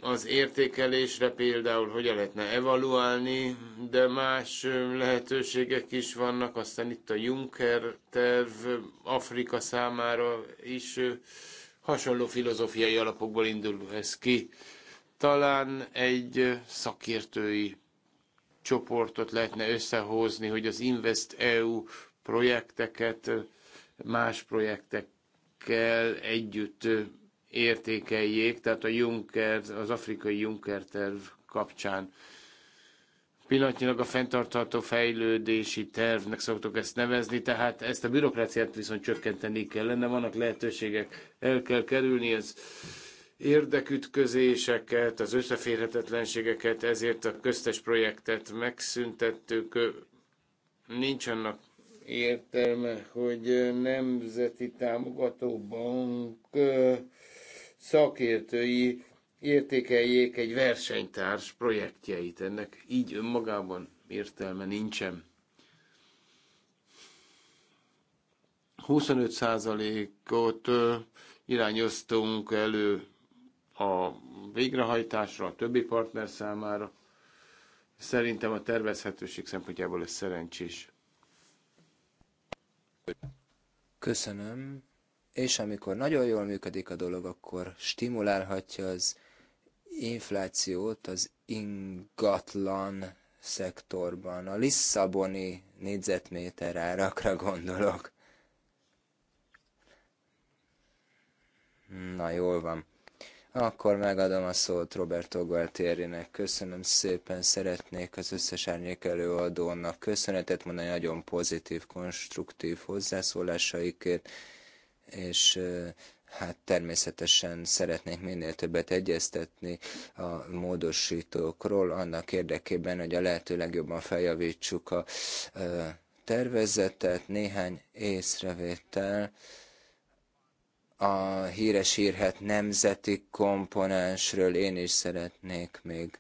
az értékelésre például hogyan lehetne evaluálni, de más lehetőségek is vannak, aztán itt a Juncker terv Afrika számára is hasonló filozófiai alapokból indul ez ki. Talán egy szakértői csoportot lehetne összehozni, hogy az Invest EU projekteket más projektekkel együtt értékeljék, tehát a Juncker, az afrikai Juncker terv kapcsán Pillanatnyilag a fenntartható fejlődési tervnek szoktuk ezt nevezni, tehát ezt a bürokráciát viszont csökkenteni kellene, vannak lehetőségek, el kell kerülni az érdekütközéseket, az összeférhetetlenségeket, ezért a köztes projektet megszüntettük. Nincs annak értelme, hogy nemzeti támogató bank szakértői értékeljék egy versenytárs projektjeit. Ennek így önmagában értelme nincsen. 25%-ot irányoztunk elő a végrehajtásra, a többi partner számára. Szerintem a tervezhetőség szempontjából ez szerencsés. Köszönöm. És amikor nagyon jól működik a dolog, akkor stimulálhatja az inflációt az ingatlan szektorban, a Lisszaboni négyzetméter árakra gondolok. Na jól van. Akkor megadom a szót Roberto Gualtierinek. Köszönöm szépen, szeretnék az összes árnyék előadónak köszönetet mondani, nagyon pozitív, konstruktív hozzászólásaikért, és Hát természetesen szeretnék minél többet egyeztetni a módosítókról, annak érdekében, hogy a lehető legjobban feljavítsuk a tervezetet. Néhány észrevétel a híres hírhet nemzeti komponensről én is szeretnék még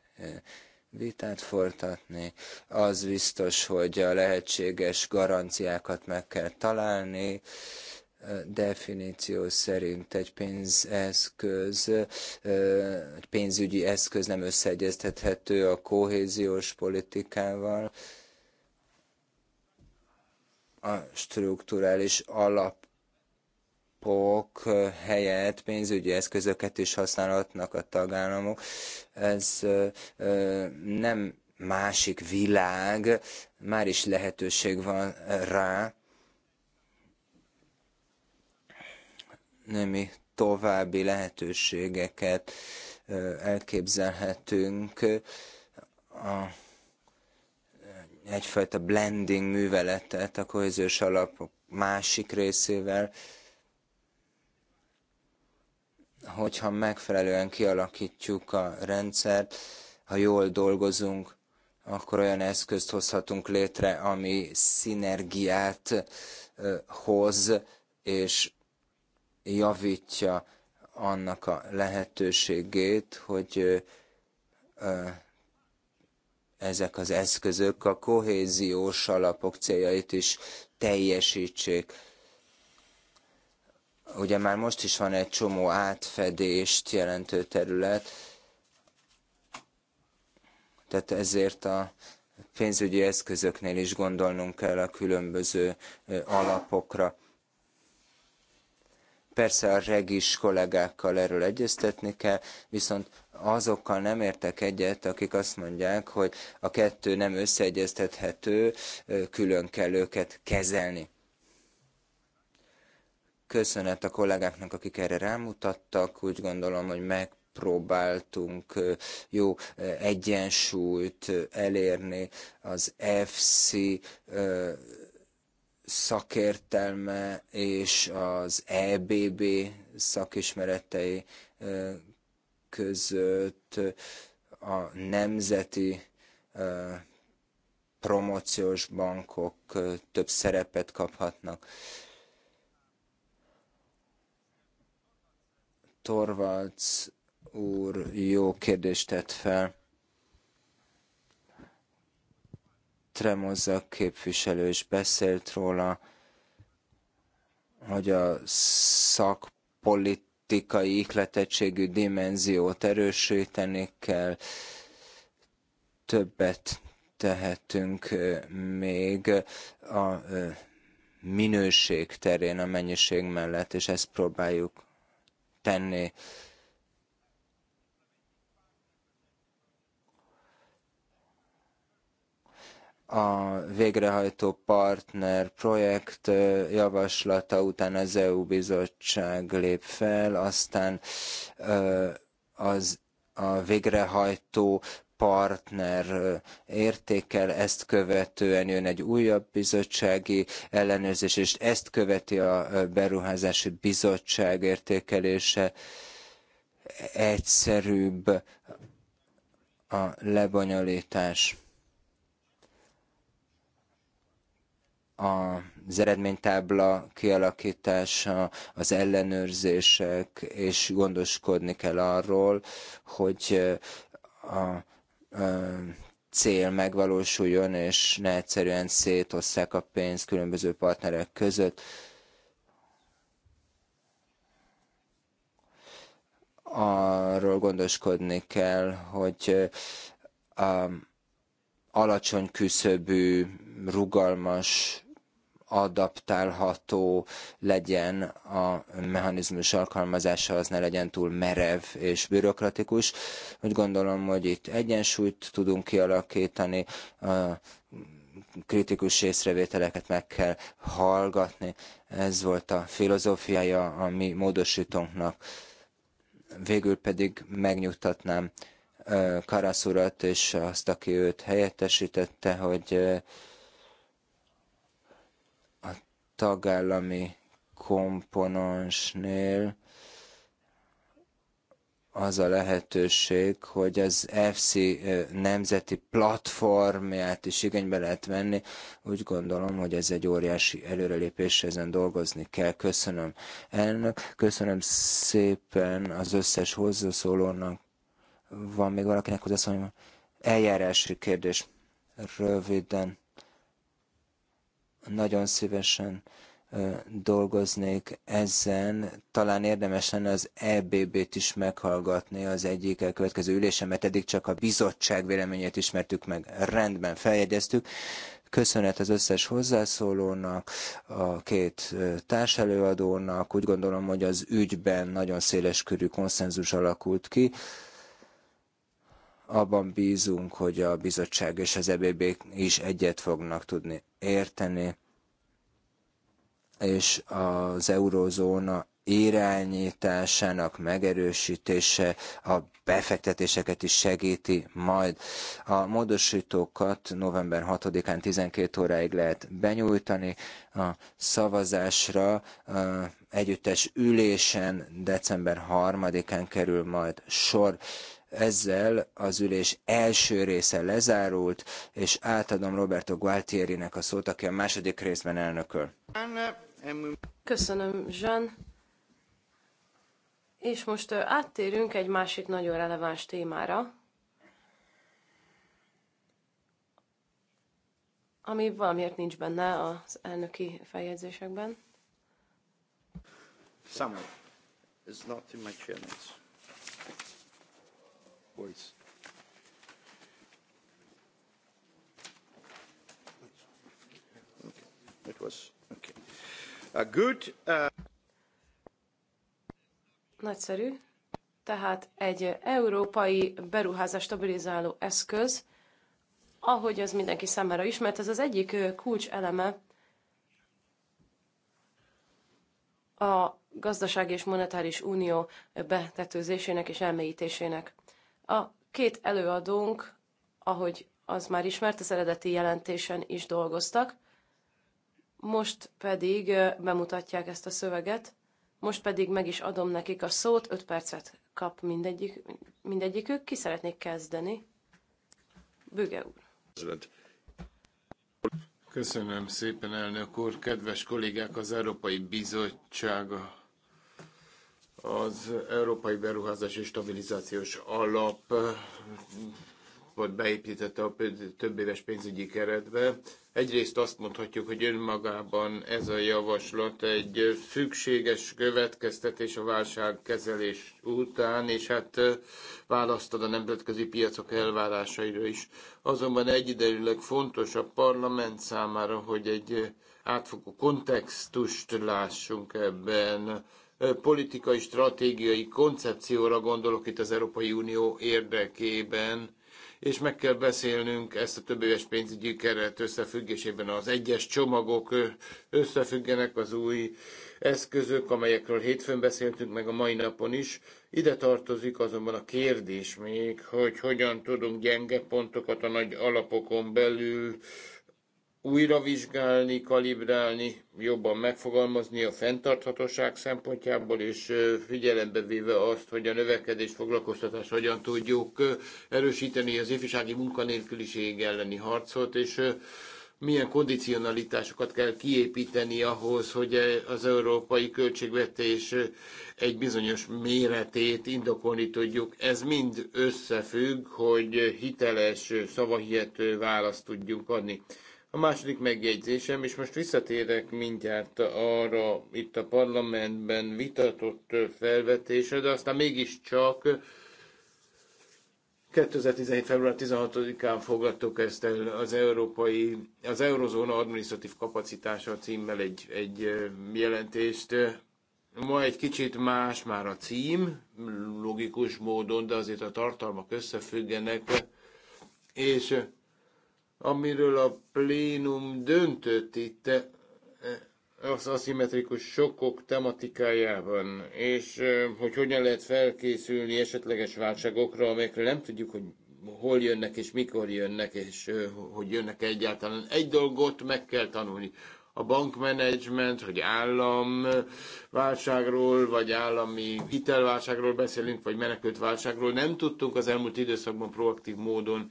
vitát folytatni. Az biztos, hogy a lehetséges garanciákat meg kell találni, definíció szerint egy pénzeszköz, egy pénzügyi eszköz nem összeegyeztethető a kohéziós politikával, a strukturális alapok helyett pénzügyi eszközöket is használhatnak a tagállamok. Ez nem másik világ, már is lehetőség van rá, nemi további lehetőségeket elképzelhetünk. A egyfajta blending műveletet a kohéziós alapok másik részével, hogyha megfelelően kialakítjuk a rendszert, ha jól dolgozunk, akkor olyan eszközt hozhatunk létre, ami szinergiát hoz, és javítja annak a lehetőségét, hogy ezek az eszközök a kohéziós alapok céljait is teljesítsék. Ugye már most is van egy csomó átfedést jelentő terület, tehát ezért a pénzügyi eszközöknél is gondolnunk kell a különböző alapokra. Persze a regis kollégákkal erről egyeztetni kell, viszont azokkal nem értek egyet, akik azt mondják, hogy a kettő nem összeegyeztethető, külön kell őket kezelni. Köszönet a kollégáknak, akik erre rámutattak. Úgy gondolom, hogy meg próbáltunk jó egyensúlyt elérni az FC szakértelme és az EBB szakismeretei között a nemzeti promóciós bankok több szerepet kaphatnak. Torvalds úr jó kérdést tett fel Tremozza képviselő is beszélt róla, hogy a szakpolitikai ikletettségű dimenziót erősíteni kell, többet tehetünk még a minőség terén a mennyiség mellett, és ezt próbáljuk tenni. a végrehajtó partner projekt javaslata után az EU bizottság lép fel, aztán az a végrehajtó partner értékel, ezt követően jön egy újabb bizottsági ellenőrzés, és ezt követi a beruházási bizottság értékelése egyszerűbb a lebonyolítás. az eredménytábla kialakítása, az ellenőrzések, és gondoskodni kell arról, hogy eh, a eh, cél megvalósuljon, és ne egyszerűen szétosszák a pénzt különböző partnerek között. Arról gondoskodni kell, hogy eh, a alacsony küszöbű, rugalmas adaptálható legyen a mechanizmus alkalmazása, az ne legyen túl merev és bürokratikus. Úgy gondolom, hogy itt egyensúlyt tudunk kialakítani, a kritikus észrevételeket meg kell hallgatni. Ez volt a filozófiája a mi módosítónknak. Végül pedig megnyugtatnám Karasz urat és azt, aki őt helyettesítette, hogy tagállami komponensnél az a lehetőség, hogy az FC nemzeti platformját is igénybe lehet venni. Úgy gondolom, hogy ez egy óriási előrelépés, ezen dolgozni kell. Köszönöm elnök, köszönöm szépen az összes hozzászólónak. Van még valakinek hozzászólni? Eljárási kérdés. Röviden nagyon szívesen dolgoznék ezen, talán érdemes lenne az EBB-t is meghallgatni az egyik következő ülésen, mert eddig csak a bizottság véleményét ismertük meg, rendben feljegyeztük. Köszönet az összes hozzászólónak, a két társelőadónak, úgy gondolom, hogy az ügyben nagyon széles körű konszenzus alakult ki. Abban bízunk, hogy a bizottság és az EBB is egyet fognak tudni érteni, és az eurozóna irányításának megerősítése a befektetéseket is segíti majd. A módosítókat november 6-án 12 óráig lehet benyújtani. A szavazásra együttes ülésen december 3-án kerül majd sor. Ezzel az ülés első része lezárult, és átadom Roberto Gualtierinek a szót, aki a második részben elnököl. Köszönöm, Jean. És most áttérünk egy másik nagyon releváns témára, ami valamiért nincs benne az elnöki feljegyzésekben. Samuel, it's not in my chairman's voice. Okay. It was okay. A uh, good. Uh... Nagyszerű. Tehát egy európai beruházás stabilizáló eszköz, ahogy az mindenki számára ismert, ez az egyik kulcs eleme a gazdasági és monetáris unió betetőzésének és elmélyítésének. A két előadónk, ahogy az már ismert, az eredeti jelentésen is dolgoztak, most pedig bemutatják ezt a szöveget, most pedig meg is adom nekik a szót, 5 percet kap mindegyik, mindegyikük. Ki szeretnék kezdeni? Büge úr. Köszönöm szépen, elnök úr. Kedves kollégák, az Európai Bizottság az Európai Beruházás és Stabilizációs Alap volt beépítette a több éves pénzügyi keretbe. Egyrészt azt mondhatjuk, hogy önmagában ez a javaslat egy szükséges következtetés a válságkezelés után, és hát választod a nemzetközi piacok elvárásaira is. Azonban egyidejűleg fontos a parlament számára, hogy egy átfogó kontextust lássunk ebben, politikai, stratégiai koncepcióra gondolok itt az Európai Unió érdekében, és meg kell beszélnünk ezt a több éves pénzügyi keret összefüggésében. Az egyes csomagok összefüggenek az új eszközök, amelyekről hétfőn beszéltünk, meg a mai napon is. Ide tartozik azonban a kérdés még, hogy hogyan tudunk gyenge pontokat a nagy alapokon belül újra vizsgálni, kalibrálni, jobban megfogalmazni a fenntarthatóság szempontjából, és figyelembe véve azt, hogy a növekedés foglalkoztatás hogyan tudjuk erősíteni az ifjúsági munkanélküliség elleni harcot, és milyen kondicionalitásokat kell kiépíteni ahhoz, hogy az európai költségvetés egy bizonyos méretét indokolni tudjuk. Ez mind összefügg, hogy hiteles, szavahihető választ tudjunk adni. A második megjegyzésem, és most visszatérek mindjárt arra itt a parlamentben vitatott felvetésre, de aztán mégiscsak 2017. február 16-án fogadtuk ezt el az európai, az Eurozóna adminisztratív kapacitása címmel egy, egy jelentést. Ma egy kicsit más már a cím, logikus módon, de azért a tartalmak összefüggenek, és amiről a plénum döntött itt e, az aszimmetrikus sokok tematikájában, és e, hogy hogyan lehet felkészülni esetleges válságokra, amelyekről nem tudjuk, hogy hol jönnek és mikor jönnek, és e, hogy jönnek -e egyáltalán. Egy dolgot meg kell tanulni. A bankmenedzsment, hogy állam válságról, vagy állami hitelválságról beszélünk, vagy menekült válságról. Nem tudtunk az elmúlt időszakban proaktív módon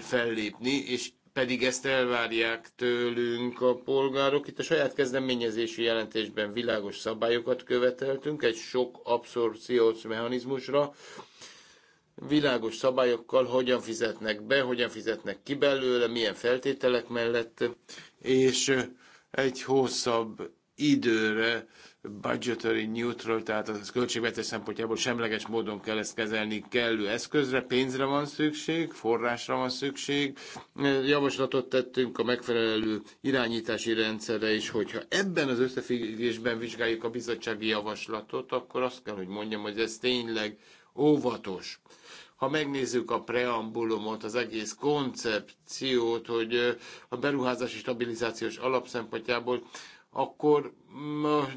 fellépni, és pedig ezt elvárják tőlünk a polgárok. Itt a saját kezdeményezési jelentésben világos szabályokat követeltünk, egy sok abszorciós mechanizmusra, világos szabályokkal, hogyan fizetnek be, hogyan fizetnek ki belőle, milyen feltételek mellett, és egy hosszabb időre budgetary neutral, tehát az költségvetés szempontjából semleges módon kell ezt kezelni, kellő eszközre, pénzre van szükség, forrásra van szükség. Javaslatot tettünk a megfelelő irányítási rendszerre is, hogyha ebben az összefüggésben vizsgáljuk a bizottsági javaslatot, akkor azt kell, hogy mondjam, hogy ez tényleg óvatos. Ha megnézzük a preambulumot, az egész koncepciót, hogy a beruházási stabilizációs alapszempontjából akkor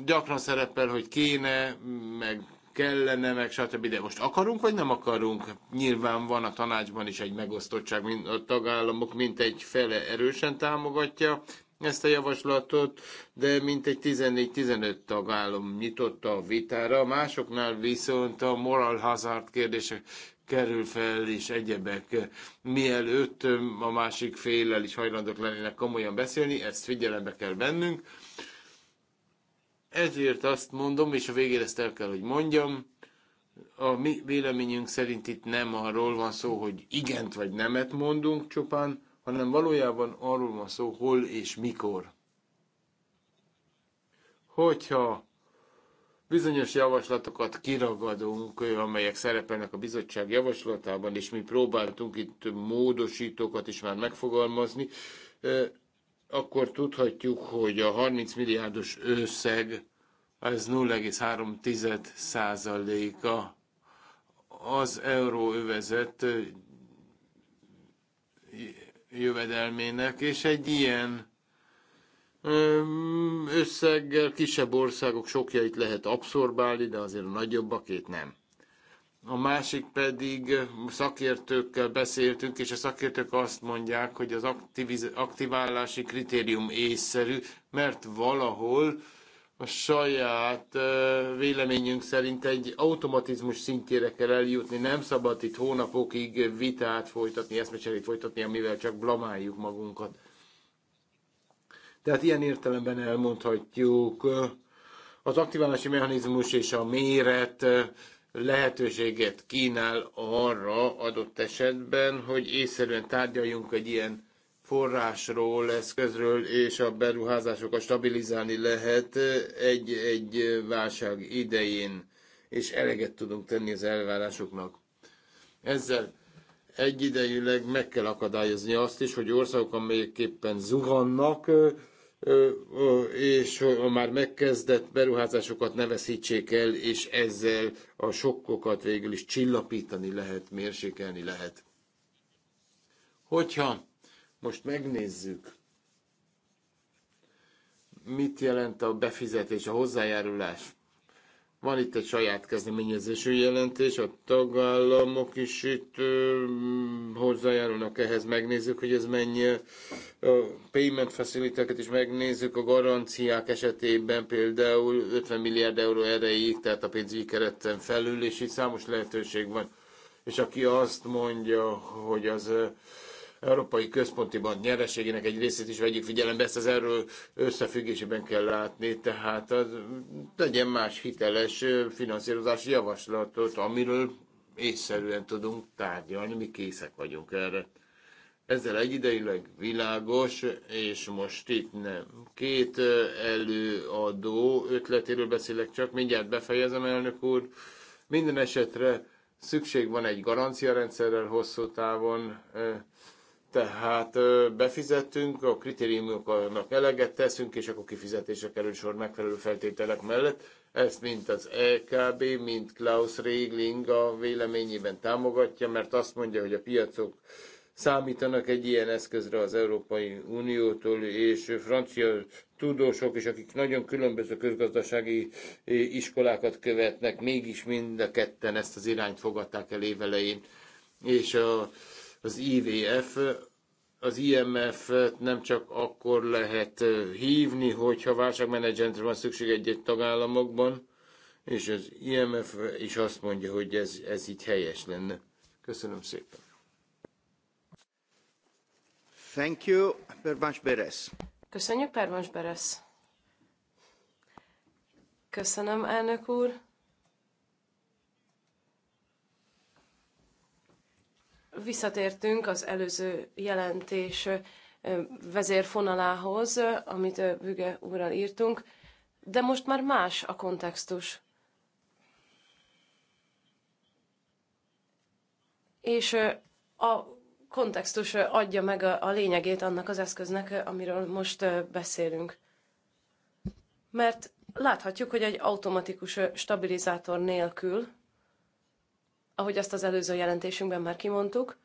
gyakran szerepel, hogy kéne, meg kellene, meg stb. De most akarunk, vagy nem akarunk? Nyilván van a tanácsban is egy megosztottság, mint a tagállamok mint egy fele erősen támogatja ezt a javaslatot, de mint egy 14-15 tagállam nyitotta a vitára, másoknál viszont a moral hazard kérdése kerül fel, és egyebek, eh, mielőtt eh, a másik féllel is hajlandók lennének komolyan beszélni, ezt figyelembe kell vennünk. Ezért azt mondom, és a végére ezt el kell, hogy mondjam, a mi véleményünk szerint itt nem arról van szó, hogy igent vagy nemet mondunk csupán, hanem valójában arról van szó, hol és mikor. Hogyha Bizonyos javaslatokat kiragadunk, amelyek szerepelnek a bizottság javaslatában, és mi próbáltunk itt módosítókat is már megfogalmazni, akkor tudhatjuk, hogy a 30 milliárdos összeg az 0,3 százaléka az euróövezet jövedelmének, és egy ilyen összeggel kisebb országok sokjait lehet abszorbálni, de azért a nagyobbakét nem. A másik pedig szakértőkkel beszéltünk, és a szakértők azt mondják, hogy az aktiviz- aktiválási kritérium észszerű, mert valahol a saját véleményünk szerint egy automatizmus szintjére kell eljutni, nem szabad itt hónapokig vitát folytatni, eszmecserét folytatni, amivel csak blamáljuk magunkat. Tehát ilyen értelemben elmondhatjuk, az aktiválási mechanizmus és a méret lehetőséget kínál arra adott esetben, hogy észszerűen tárgyaljunk egy ilyen forrásról, eszközről, és a beruházásokat stabilizálni lehet egy, egy válság idején, és eleget tudunk tenni az elvárásoknak. Ezzel egyidejűleg meg kell akadályozni azt is, hogy országok, amelyek éppen zuhannak, és a már megkezdett beruházásokat ne veszítsék el, és ezzel a sokkokat végül is csillapítani lehet, mérsékelni lehet. Hogyha most megnézzük, mit jelent a befizetés, a hozzájárulás van itt egy saját kezdeményezésű jelentés, a tagállamok is itt ö, hozzájárulnak ehhez, megnézzük, hogy ez mennyi. A payment faciliteket is megnézzük, a garanciák esetében például 50 milliárd euró erejéig, tehát a pénzügyi kereten felül, és itt számos lehetőség van. És aki azt mondja, hogy az Európai Központi Bank nyereségének egy részét is vegyük figyelembe, ezt az erről összefüggésében kell látni, tehát az, legyen más hiteles finanszírozási javaslatot, amiről észszerűen tudunk tárgyalni, mi készek vagyunk erre. Ezzel egyidejűleg világos, és most itt nem. Két előadó ötletéről beszélek csak, mindjárt befejezem, elnök úr. Minden esetre szükség van egy garanciarendszerrel hosszú távon, tehát befizettünk, a kritériumoknak eleget teszünk, és akkor kifizetése kerül sor megfelelő feltételek mellett. Ezt mint az EKB, mint Klaus Regling a véleményében támogatja, mert azt mondja, hogy a piacok számítanak egy ilyen eszközre az Európai Uniótól, és francia tudósok is, akik nagyon különböző közgazdasági iskolákat követnek, mégis mind a ketten ezt az irányt fogadták el évelején. És a az IVF, az IMF-et nem csak akkor lehet hívni, hogyha válságmenedzsentre van szükség egy-egy tagállamokban, és az IMF is azt mondja, hogy ez, ez így helyes lenne. Köszönöm szépen. Thank you, Pervans Beres. Köszönjük, Pervans Beres. Köszönöm, elnök úr. visszatértünk az előző jelentés vezérfonalához, amit Büge úrral írtunk, de most már más a kontextus. És a kontextus adja meg a lényegét annak az eszköznek, amiről most beszélünk. Mert láthatjuk, hogy egy automatikus stabilizátor nélkül ahogy azt az előző jelentésünkben már kimondtuk,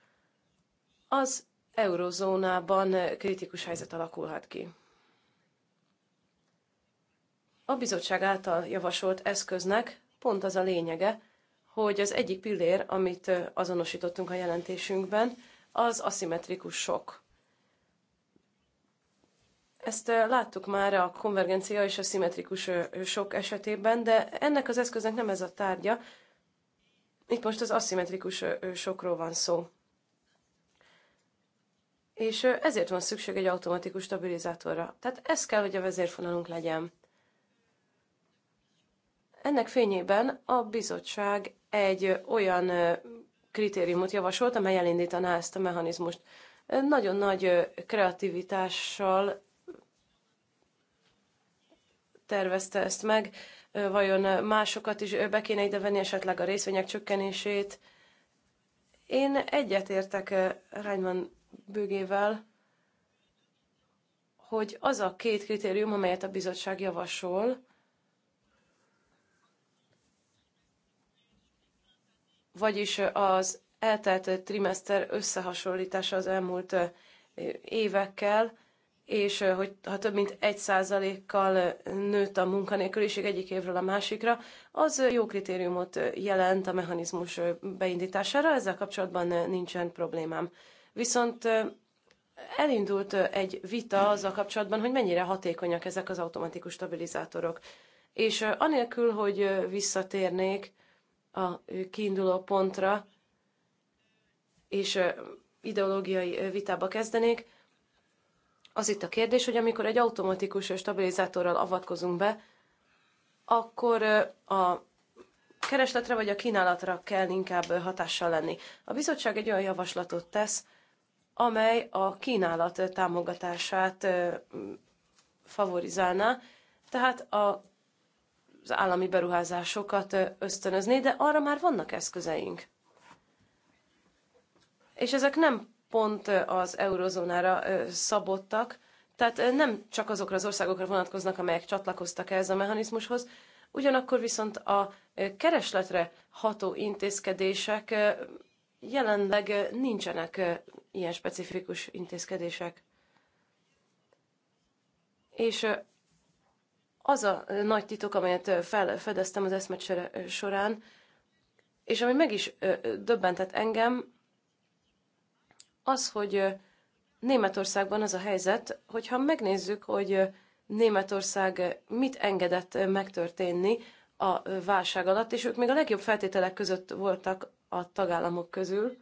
az eurozónában eh, kritikus helyzet alakulhat ki. A bizottság által javasolt eszköznek pont az a lényege, hogy az egyik pillér, amit eh, azonosítottunk a jelentésünkben, az aszimmetrikus sok. Ezt eh, láttuk már a konvergencia és a szimmetrikus sok esetében, de ennek az eszköznek nem ez a tárgya, itt most az aszimmetrikus sokról van szó. És ezért van szükség egy automatikus stabilizátorra. Tehát ez kell, hogy a vezérfonalunk legyen. Ennek fényében a bizottság egy olyan kritériumot javasolt, amely elindítaná ezt a mechanizmust. Nagyon nagy kreativitással tervezte ezt meg, vajon másokat is be kéne ide venni, esetleg a részvények csökkenését. Én egyetértek Reinman bőgével, hogy az a két kritérium, amelyet a bizottság javasol, vagyis az eltelt trimester összehasonlítása az elmúlt évekkel, és hogy ha több mint egy százalékkal nőtt a munkanélküliség egyik évről a másikra, az jó kritériumot jelent a mechanizmus beindítására, ezzel kapcsolatban nincsen problémám. Viszont elindult egy vita azzal kapcsolatban, hogy mennyire hatékonyak ezek az automatikus stabilizátorok. És anélkül, hogy visszatérnék a kiinduló pontra, és ideológiai vitába kezdenék, az itt a kérdés, hogy amikor egy automatikus stabilizátorral avatkozunk be, akkor a keresletre vagy a kínálatra kell inkább hatással lenni. A bizottság egy olyan javaslatot tesz, amely a kínálat támogatását favorizálná, tehát a, az állami beruházásokat ösztönözni, de arra már vannak eszközeink. És ezek nem pont az eurozónára szabottak, tehát nem csak azokra az országokra vonatkoznak, amelyek csatlakoztak ehhez a mechanizmushoz, ugyanakkor viszont a keresletre ható intézkedések jelenleg nincsenek ilyen specifikus intézkedések. És az a nagy titok, amelyet felfedeztem az eszmecsere során, és ami meg is döbbentett engem, az, hogy Németországban az a helyzet, hogyha megnézzük, hogy Németország mit engedett megtörténni a válság alatt, és ők még a legjobb feltételek között voltak a tagállamok közül.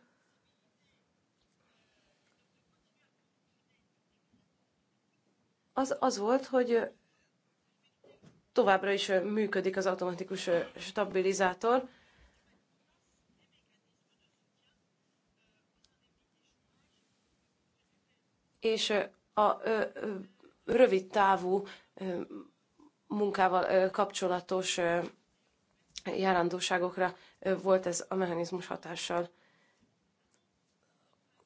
Az az volt, hogy továbbra is működik az automatikus stabilizátor, és a rövid távú munkával kapcsolatos járandóságokra volt ez a mechanizmus hatással.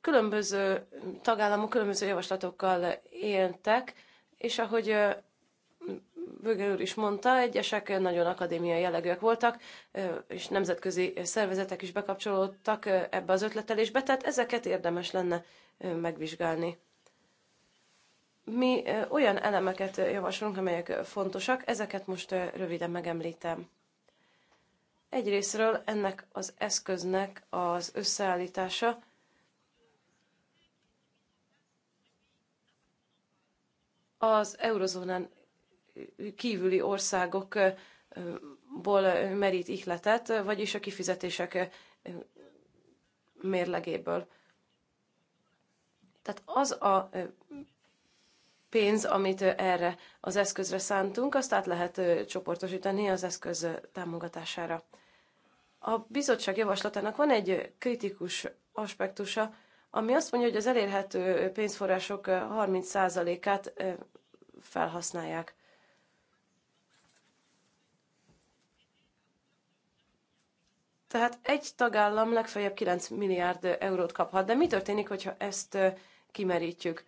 Különböző tagállamok különböző javaslatokkal éltek, és ahogy Böge úr is mondta, egyesek nagyon akadémiai jellegűek voltak, és nemzetközi szervezetek is bekapcsolódtak ebbe az ötletelésbe, tehát ezeket érdemes lenne megvizsgálni. Mi olyan elemeket javasolunk, amelyek fontosak, ezeket most röviden megemlítem. Egyrésztről ennek az eszköznek az összeállítása az eurozónán kívüli országokból merít ihletet, vagyis a kifizetések mérlegéből. Tehát az a pénz, amit erre az eszközre szántunk, azt át lehet csoportosítani az eszköz támogatására. A bizottság javaslatának van egy kritikus aspektusa, ami azt mondja, hogy az elérhető pénzforrások 30%-át felhasználják. Tehát egy tagállam legfeljebb 9 milliárd eurót kaphat, de mi történik, hogyha ezt kimerítjük?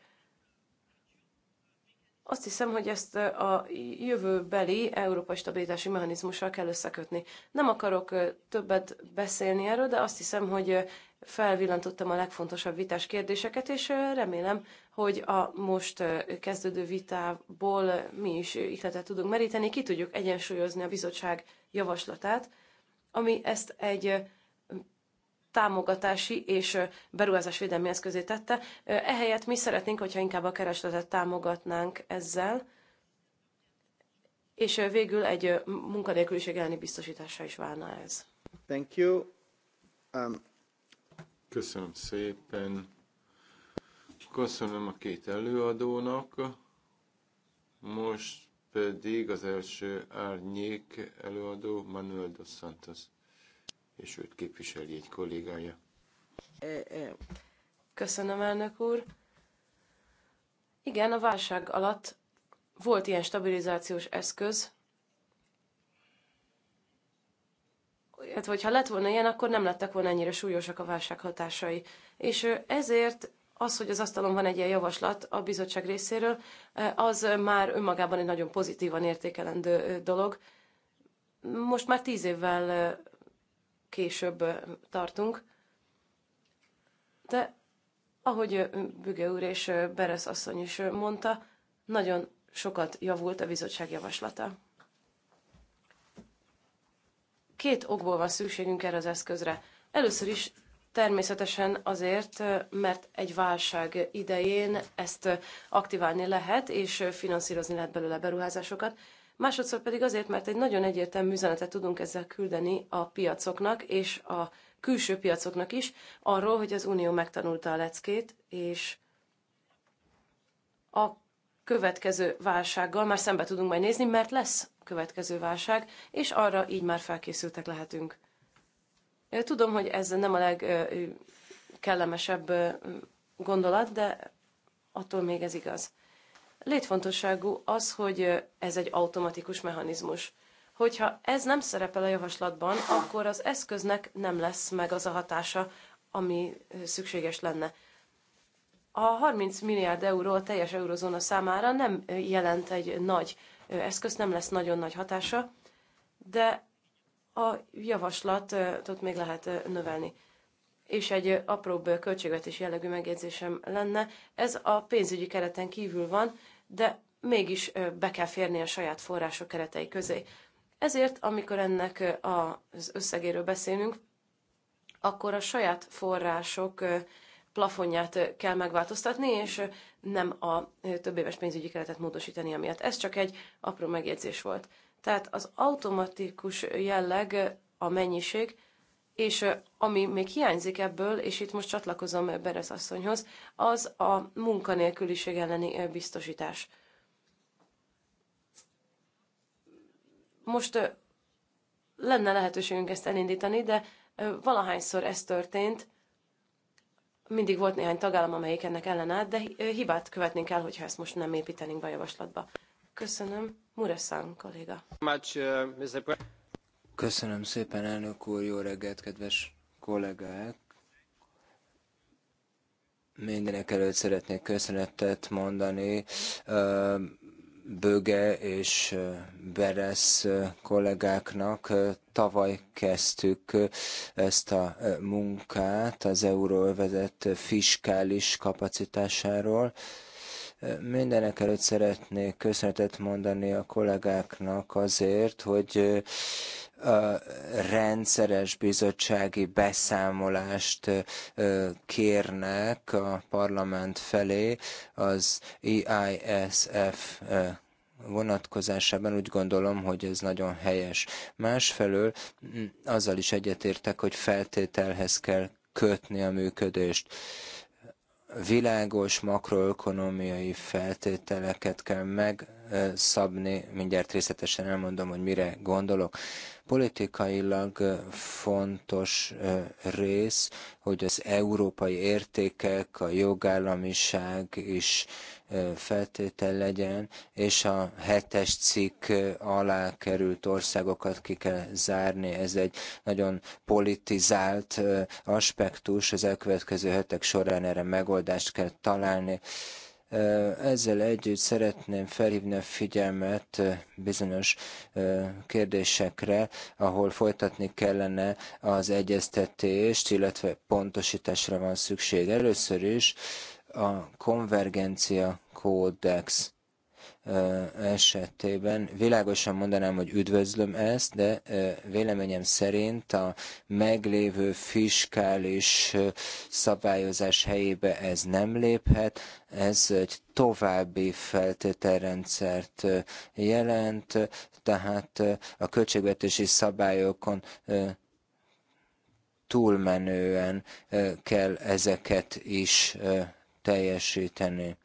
Azt hiszem, hogy ezt a jövőbeli európai stabilitási mechanizmussal kell összekötni. Nem akarok többet beszélni erről, de azt hiszem, hogy felvillantottam a legfontosabb vitás kérdéseket, és remélem, hogy a most kezdődő vitából mi is ihletet tudunk meríteni, ki tudjuk egyensúlyozni a bizottság javaslatát, ami ezt egy támogatási és beruházásvédelmi eszközé tette. Ehelyett mi szeretnénk, hogyha inkább a keresletet támogatnánk ezzel, és végül egy munkanélküliség elleni biztosításra is válna ez. Thank you. Um... Köszönöm szépen. Köszönöm a két előadónak. Most pedig az első árnyék előadó Manuel dos Santos és őt képviseli egy kollégája. Köszönöm, elnök úr. Igen, a válság alatt volt ilyen stabilizációs eszköz, hát hogyha lett volna ilyen, akkor nem lettek volna ennyire súlyosak a válság hatásai. És ezért az, hogy az asztalon van egy ilyen javaslat a bizottság részéről, az már önmagában egy nagyon pozitívan értékelendő dolog. Most már tíz évvel később tartunk. De ahogy Büge úr és Beresz asszony is mondta, nagyon sokat javult a bizottság javaslata. Két okból van szükségünk erre az eszközre. Először is természetesen azért, mert egy válság idején ezt aktiválni lehet, és finanszírozni lehet belőle beruházásokat, másodszor pedig azért, mert egy nagyon egyértelmű üzenetet tudunk ezzel küldeni a piacoknak és a külső piacoknak is, arról, hogy az Unió megtanulta a leckét, és a következő válsággal már szembe tudunk majd nézni, mert lesz következő válság, és arra így már felkészültek lehetünk. Tudom, hogy ez nem a legkellemesebb gondolat, de attól még ez igaz létfontosságú az, hogy ez egy automatikus mechanizmus. Hogyha ez nem szerepel a javaslatban, akkor az eszköznek nem lesz meg az a hatása, ami szükséges lenne. A 30 milliárd euró a teljes eurozóna számára nem jelent egy nagy eszköz, nem lesz nagyon nagy hatása, de a javaslatot még lehet növelni. És egy apróbb költségvetési jellegű megjegyzésem lenne, ez a pénzügyi kereten kívül van, de mégis be kell férni a saját források keretei közé. Ezért, amikor ennek az összegéről beszélünk, akkor a saját források plafonját kell megváltoztatni, és nem a több éves pénzügyi keretet módosítani amiatt. Ez csak egy apró megjegyzés volt. Tehát az automatikus jelleg, a mennyiség és ami még hiányzik ebből, és itt most csatlakozom Berez asszonyhoz, az a munkanélküliség elleni biztosítás. Most lenne lehetőségünk ezt elindítani, de valahányszor ez történt, mindig volt néhány tagállam, amelyik ennek ellenállt, de hibát követni kell hogyha ezt most nem építenénk be a javaslatba. Köszönöm. Muresan kolléga. Uh, Köszönöm szépen, elnök úr, jó reggelt, kedves kollégák! Mindenek előtt szeretnék köszönetet mondani Böge és Beres kollégáknak. Tavaly kezdtük ezt a munkát az euróvezet fiskális kapacitásáról. Mindenek előtt szeretnék köszönetet mondani a kollégáknak azért, hogy rendszeres bizottsági beszámolást kérnek a parlament felé az EISF vonatkozásában úgy gondolom, hogy ez nagyon helyes. Másfelől azzal is egyetértek, hogy feltételhez kell kötni a működést világos makroökonomiai feltételeket kell megszabni, mindjárt részletesen elmondom, hogy mire gondolok. Politikailag fontos rész, hogy az európai értékek, a jogállamiság is feltétel legyen, és a hetes cikk alá került országokat ki kell zárni. Ez egy nagyon politizált aspektus, az elkövetkező hetek során erre megoldást kell találni. Ezzel együtt szeretném felhívni a figyelmet bizonyos kérdésekre, ahol folytatni kellene az egyeztetést, illetve pontosításra van szükség. Először is a konvergencia kódex esetében világosan mondanám, hogy üdvözlöm ezt, de véleményem szerint a meglévő fiskális szabályozás helyébe ez nem léphet, ez egy további feltételrendszert jelent, tehát a költségvetési szabályokon túlmenően kell ezeket is teljesíteni.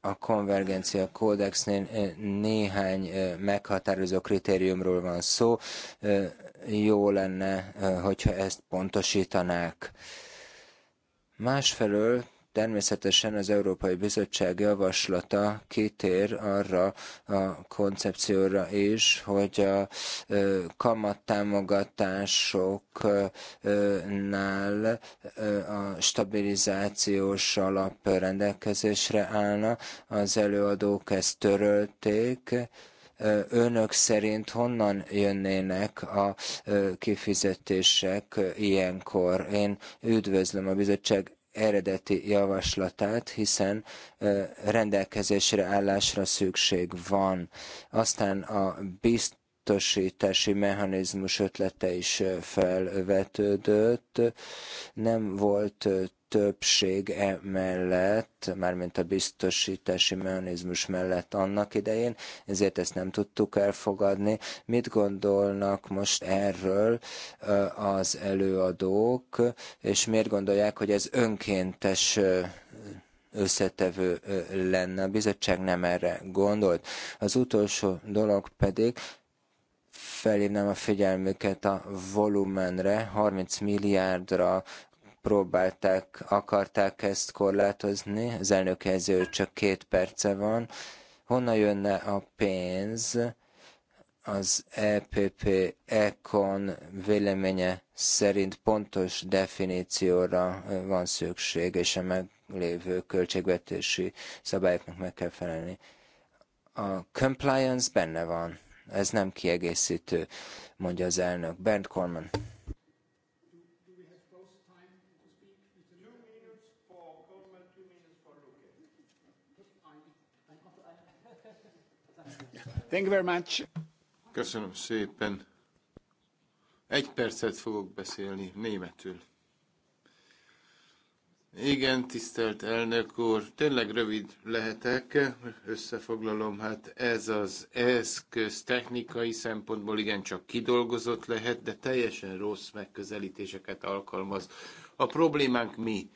A konvergencia kódexnél eh, néhány eh, meghatározó kritériumról van szó. Eh, jó lenne, hogyha ezt pontosítanák. Másfelől Természetesen az Európai Bizottság javaslata kitér arra a koncepcióra is, hogy a kamattámogatásoknál a stabilizációs alap rendelkezésre állna. Az előadók ezt törölték önök szerint honnan jönnének a kifizetések ilyenkor? Én üdvözlöm a bizottság eredeti javaslatát, hiszen rendelkezésre állásra szükség van. Aztán a biztosítási mechanizmus ötlete is felvetődött. Nem volt többség emellett, mármint a biztosítási mechanizmus mellett annak idején, ezért ezt nem tudtuk elfogadni. Mit gondolnak most erről az előadók, és miért gondolják, hogy ez önkéntes összetevő lenne. A bizottság nem erre gondolt. Az utolsó dolog pedig, felhívnám a figyelmüket a volumenre, 30 milliárdra próbálták, akarták ezt korlátozni, az elnök hogy csak két perce van. Honnan jönne a pénz az EPP Econ véleménye szerint pontos definícióra van szükség, és a meglévő költségvetési szabályoknak meg kell felelni. A compliance benne van, ez nem kiegészítő, mondja az elnök. Bernd Kormann. Thank you very much. Köszönöm szépen. Egy percet fogok beszélni németül. Igen, tisztelt elnök úr, tényleg rövid lehetek, összefoglalom, hát ez az eszköz technikai szempontból igencsak kidolgozott lehet, de teljesen rossz megközelítéseket alkalmaz. A problémánk mi?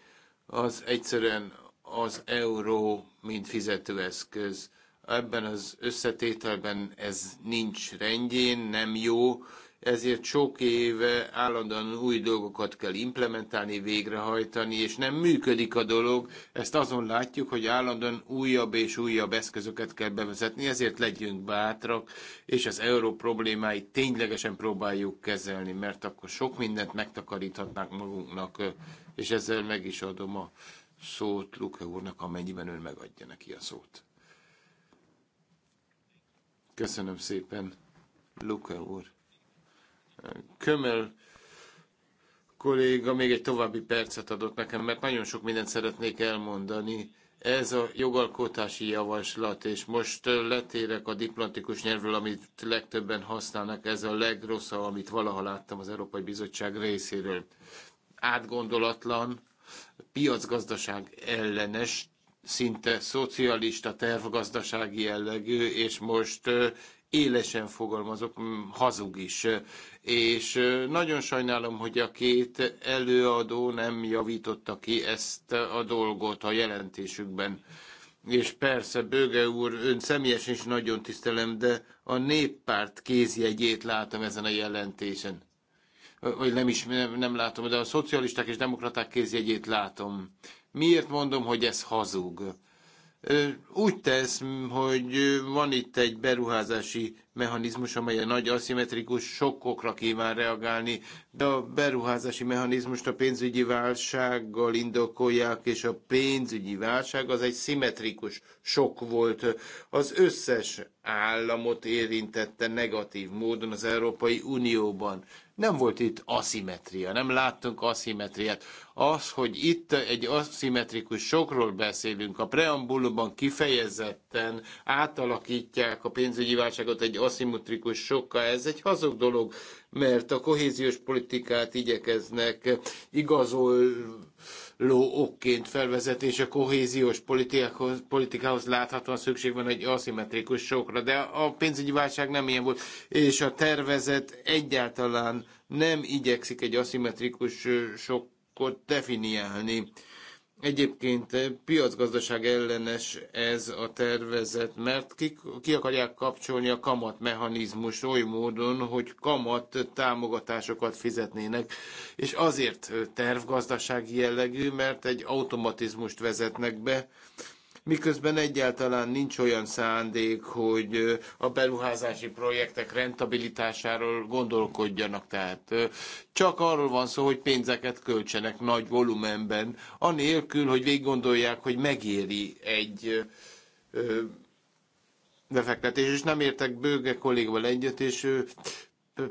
Az egyszerűen az euró, mint fizetőeszköz Ebben az összetételben ez nincs rendjén, nem jó, ezért sok éve állandóan új dolgokat kell implementálni, végrehajtani, és nem működik a dolog. Ezt azon látjuk, hogy állandóan újabb és újabb eszközöket kell bevezetni, ezért legyünk bátrak, és az euró problémáit ténylegesen próbáljuk kezelni, mert akkor sok mindent megtakaríthatnánk magunknak, és ezzel meg is adom a szót Luke úrnak, amennyiben ön megadja neki a szót. Köszönöm szépen, Luka úr. Kömel kolléga még egy további percet adott nekem, mert nagyon sok mindent szeretnék elmondani. Ez a jogalkotási javaslat, és most letérek a diplomatikus nyelvről, amit legtöbben használnak, ez a legrosszabb, amit valaha láttam az Európai Bizottság részéről. Átgondolatlan, piacgazdaság ellenes szinte szocialista tervgazdasági jellegű, és most élesen fogalmazok, hazug is. És nagyon sajnálom, hogy a két előadó nem javította ki ezt a dolgot a jelentésükben. És persze, Böge úr, ön személyesen is nagyon tisztelem, de a néppárt kézjegyét látom ezen a jelentésen. Vagy nem is, nem, nem látom, de a szocialisták és demokraták kézjegyét látom Miért mondom, hogy ez hazug? Úgy tesz, hogy van itt egy beruházási mechanizmus, amely a nagy aszimmetrikus sokkokra kíván reagálni. De a beruházási mechanizmust a pénzügyi válsággal indokolják, és a pénzügyi válság az egy szimmetrikus sok volt. Az összes államot érintette negatív módon az Európai Unióban. Nem volt itt aszimetria, nem láttunk aszimetriát. Az, hogy itt egy aszimmetrikus sokról beszélünk, a preambulumban kifejezetten átalakítják a pénzügyi válságot egy aszimmetrikus sokká. Ez egy hazug dolog, mert a kohéziós politikát igyekeznek igazoló okként felvezetni, és a kohéziós politikához, politikához láthatóan szükség van egy aszimmetrikus sokra, de a pénzügyi válság nem ilyen volt, és a tervezet egyáltalán nem igyekszik egy aszimmetrikus sokkot definiálni Egyébként eh, piacgazdaság ellenes ez a tervezet, mert ki, ki akarják kapcsolni a kamatmechanizmust oly módon, hogy kamat támogatásokat fizetnének, és azért eh, tervgazdasági jellegű, mert egy automatizmust vezetnek be, miközben egyáltalán nincs olyan szándék, hogy a beruházási projektek rentabilitásáról gondolkodjanak. Tehát csak arról van szó, hogy pénzeket költsenek nagy volumenben, anélkül, hogy végig gondolják, hogy megéri egy befektetés, és nem értek bőge kollégával egyet, és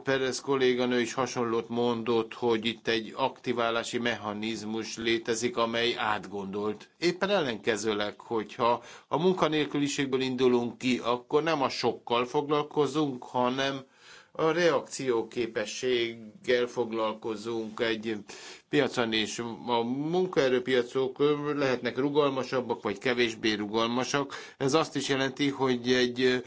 Perez kolléganő is hasonlót mondott, hogy itt egy aktiválási mechanizmus létezik, amely átgondolt. Éppen ellenkezőleg, hogyha a munkanélküliségből indulunk ki, akkor nem a sokkal foglalkozunk, hanem a reakcióképességgel foglalkozunk egy piacon, és a munkaerőpiacok lehetnek rugalmasabbak, vagy kevésbé rugalmasak. Ez azt is jelenti, hogy egy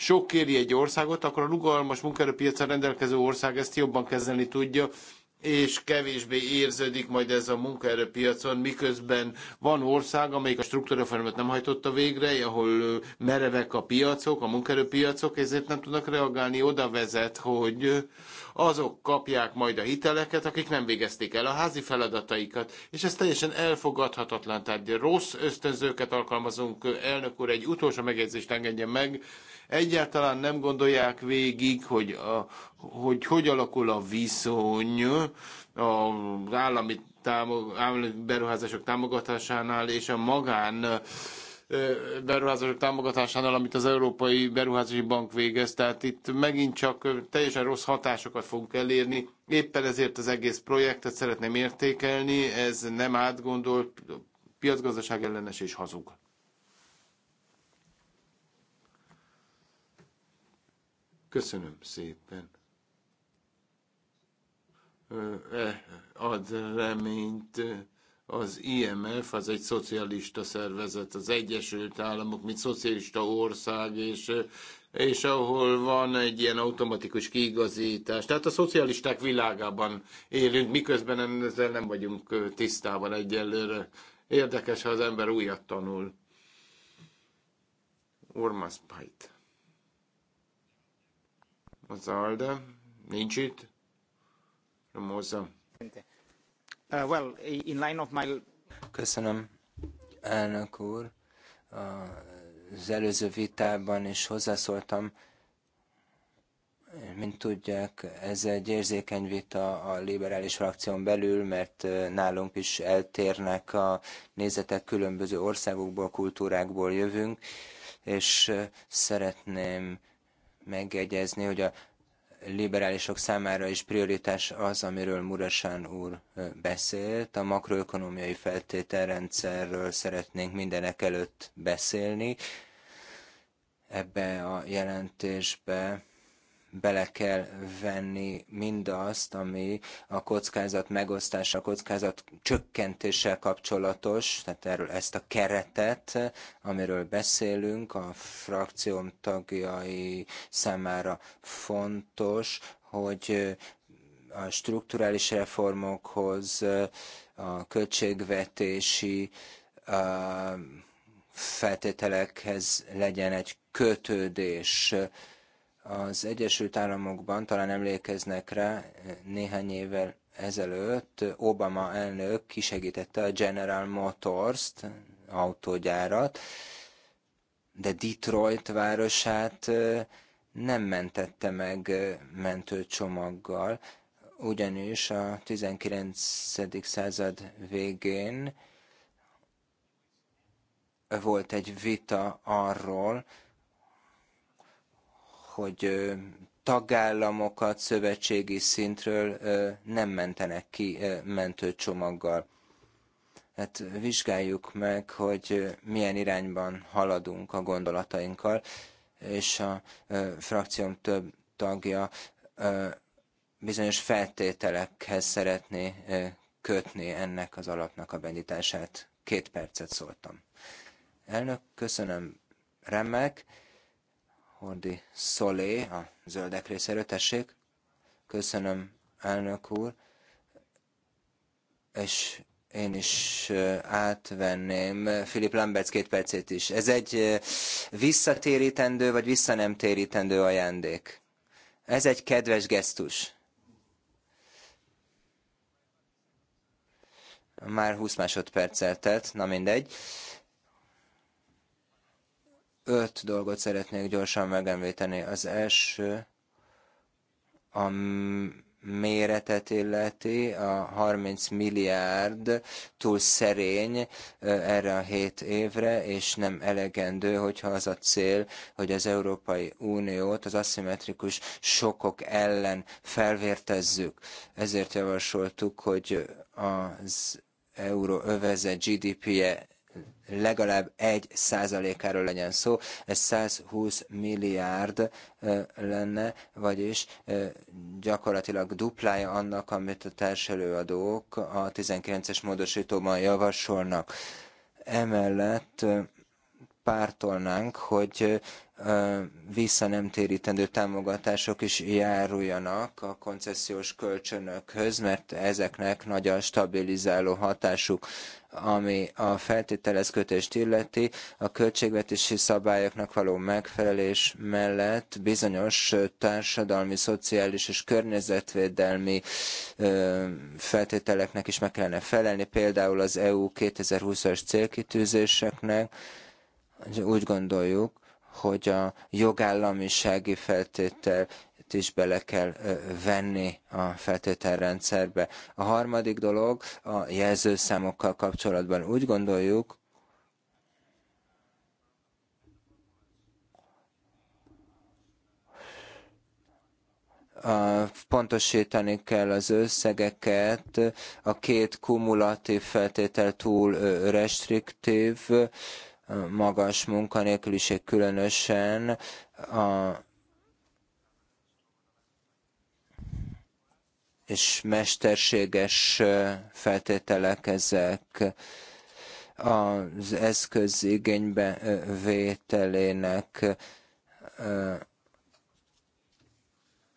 sok kéri egy országot, akkor a rugalmas munkaerőpiacra rendelkező ország ezt jobban kezelni tudja, és kevésbé érződik majd ez a munkaerőpiacon, miközben van ország, amelyik a struktúrareformot nem hajtotta végre, ahol merevek a piacok, a munkaerőpiacok, ezért nem tudnak reagálni. Oda vezet, hogy azok kapják majd a hiteleket, akik nem végezték el a házi feladataikat, és ez teljesen elfogadhatatlan, tehát rossz ösztönzőket alkalmazunk. Elnök úr, egy utolsó megjegyzést engedjen meg, egyáltalán nem gondolják végig, hogy a, hogy, hogy alakul a viszony az állami, támog, állami beruházások támogatásánál és a magán beruházások támogatásánál, amit az Európai Beruházási Bank végez. Tehát itt megint csak teljesen rossz hatásokat fogunk elérni. Éppen ezért az egész projektet szeretném értékelni. Ez nem átgondolt, piacgazdaság ellenes és hazug. Köszönöm szépen. E, ad reményt az IMF, az egy szocialista szervezet, az Egyesült Államok, mint szocialista ország, és, és ahol van egy ilyen automatikus kiigazítás. Tehát a szocialisták világában élünk, miközben ezzel nem vagyunk tisztában egyelőre. Érdekes, ha az ember újat tanul. Ormas Pajt. Az Alde. Nincs itt. Romozza. Uh, Köszönöm, elnök úr. Az előző vitában is hozzászóltam, mint tudják, ez egy érzékeny vita a liberális frakción belül, mert uh, nálunk is eltérnek a nézetek különböző országokból, kultúrákból jövünk, és uh, szeretném megjegyezni, hogy a liberálisok számára is prioritás az, amiről Murasán úr beszélt. A makroökonomiai feltételrendszerről szeretnénk mindenek előtt beszélni. Ebbe a jelentésbe bele kell venni mindazt, ami a kockázat megosztása, a kockázat csökkentéssel kapcsolatos, tehát erről ezt a keretet, amiről beszélünk, a frakcióm tagjai számára fontos, hogy a strukturális reformokhoz, a költségvetési feltételekhez legyen egy kötődés, az Egyesült Államokban talán emlékeznek rá, néhány évvel ezelőtt Obama elnök kisegítette a General Motors-t, autógyárat, de Detroit városát nem mentette meg mentőcsomaggal, ugyanis a 19. század végén volt egy vita arról, hogy tagállamokat szövetségi szintről nem mentenek ki mentőcsomaggal. Hát vizsgáljuk meg, hogy milyen irányban haladunk a gondolatainkkal, és a frakcióm több tagja bizonyos feltételekhez szeretné kötni ennek az alapnak a benyitását. Két percet szóltam. Elnök, köszönöm, remek. Hordi Szolé, a zöldek részéről, tessék. Köszönöm, elnök úr. És én is átvenném Filip Lambert két percét is. Ez egy visszatérítendő vagy visszanem térítendő ajándék. Ez egy kedves gesztus. Már 20 másodperc eltelt, na mindegy. Öt dolgot szeretnék gyorsan megemlíteni. Az első a méretet illeti, a 30 milliárd túl szerény erre a 7 évre, és nem elegendő, hogyha az a cél, hogy az Európai Uniót az aszimmetrikus sokok ellen felvértezzük. Ezért javasoltuk, hogy az euróövezet GDP-je legalább egy százalékáról legyen szó, ez 120 milliárd lenne, vagyis gyakorlatilag duplája annak, amit a társelőadók a 19-es módosítóban javasolnak. Emellett pártolnánk, hogy vissza nem térítendő támogatások is járuljanak a koncesziós kölcsönökhöz, mert ezeknek nagy a stabilizáló hatásuk. Ami a feltételez kötést illeti, a költségvetési szabályoknak való megfelelés mellett bizonyos társadalmi, szociális és környezetvédelmi feltételeknek is meg kellene felelni, például az EU 2020-as célkitűzéseknek. Úgy gondoljuk, hogy a jogállamisági feltétel itt is bele kell venni a feltételrendszerbe. A harmadik dolog a jelzőszámokkal kapcsolatban. Úgy gondoljuk, pontosítani kell az összegeket, a két kumulatív feltétel túl restriktív, magas munkanélküliség különösen, a és mesterséges feltételek ezek az eszköz igénybe vételének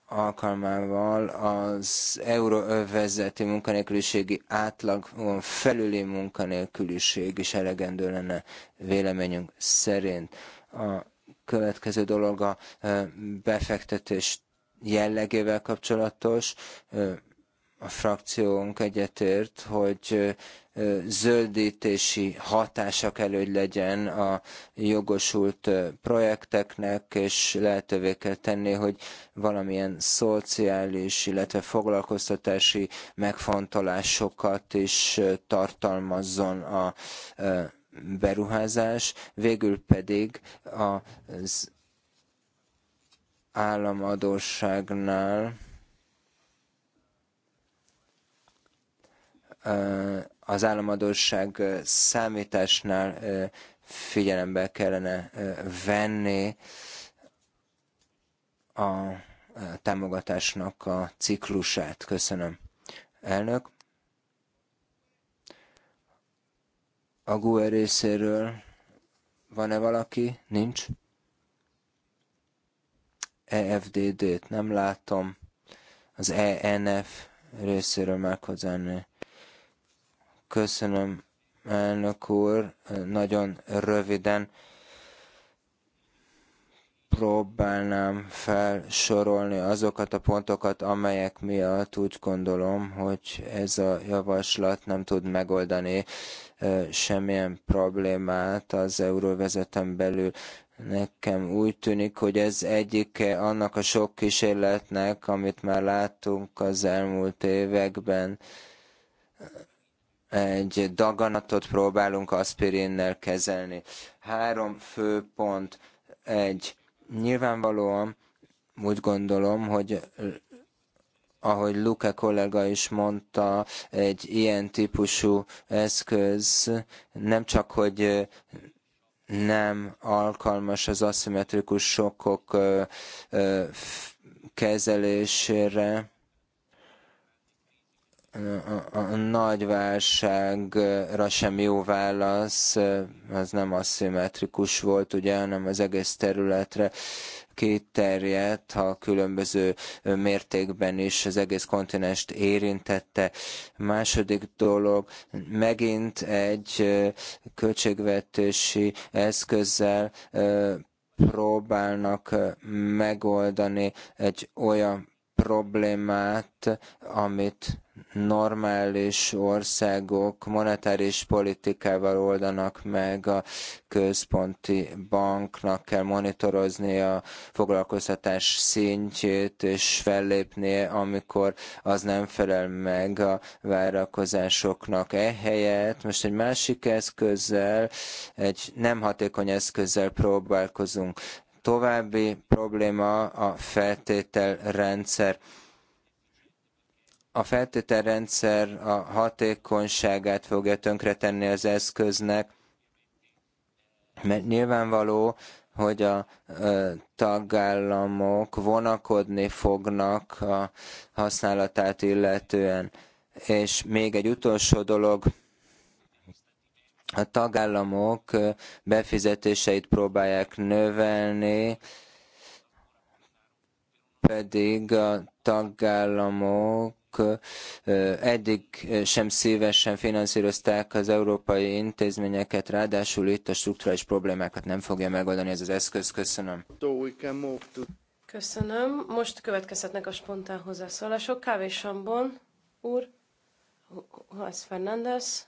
alkalmával az euróövezeti munkanélküliségi átlagon felüli munkanélküliség is elegendő lenne véleményünk szerint. A következő dolog a befektetés jellegével kapcsolatos. A frakciónk egyetért, hogy zöldítési hatása kell, hogy legyen a jogosult projekteknek, és lehetővé kell tenni, hogy valamilyen szociális, illetve foglalkoztatási megfontolásokat is tartalmazzon a beruházás, végül pedig az államadóságnál az államadóság számításnál figyelembe kellene venni a támogatásnak a ciklusát. Köszönöm. Elnök. A GUE részéről van-e valaki? Nincs. EFDD-t nem látom, az ENF részéről meghozani. Köszönöm, elnök úr, nagyon röviden próbálnám felsorolni azokat a pontokat, amelyek miatt úgy gondolom, hogy ez a javaslat nem tud megoldani semmilyen problémát az euróvezeten belül. Nekem úgy tűnik, hogy ez egyike annak a sok kísérletnek, amit már láttunk az elmúlt években. Egy daganatot próbálunk aspirinnel kezelni. Három fő pont. Egy, nyilvánvalóan úgy gondolom, hogy ahogy Luke kollega is mondta, egy ilyen típusú eszköz nem csak, hogy nem alkalmas az aszimmetrikus sokkok kezelésére. A, a, a nagy válságra sem jó válasz, az nem aszimmetrikus volt, ugye, hanem az egész területre kiterjedt, ha különböző mértékben is az egész kontinest érintette. Második dolog, megint egy költségvetési eszközzel próbálnak megoldani egy olyan problémát, amit normális országok monetáris politikával oldanak meg, a központi banknak kell monitorozni a foglalkoztatás szintjét, és fellépnie, amikor az nem felel meg a várakozásoknak. Ehelyett most egy másik eszközzel, egy nem hatékony eszközzel próbálkozunk. További probléma a feltételrendszer. rendszer a feltételrendszer a hatékonyságát fogja tönkretenni az eszköznek, mert nyilvánvaló, hogy a tagállamok vonakodni fognak a használatát illetően. És még egy utolsó dolog, a tagállamok befizetéseit próbálják növelni, pedig a tagállamok eddig sem szívesen finanszírozták az európai intézményeket, ráadásul itt a strukturális problémákat nem fogja megoldani ez az eszköz. Köszönöm. Köszönöm. Most következhetnek a spontán hozzászólások. Kávé Sambon úr, Juárez Fernández,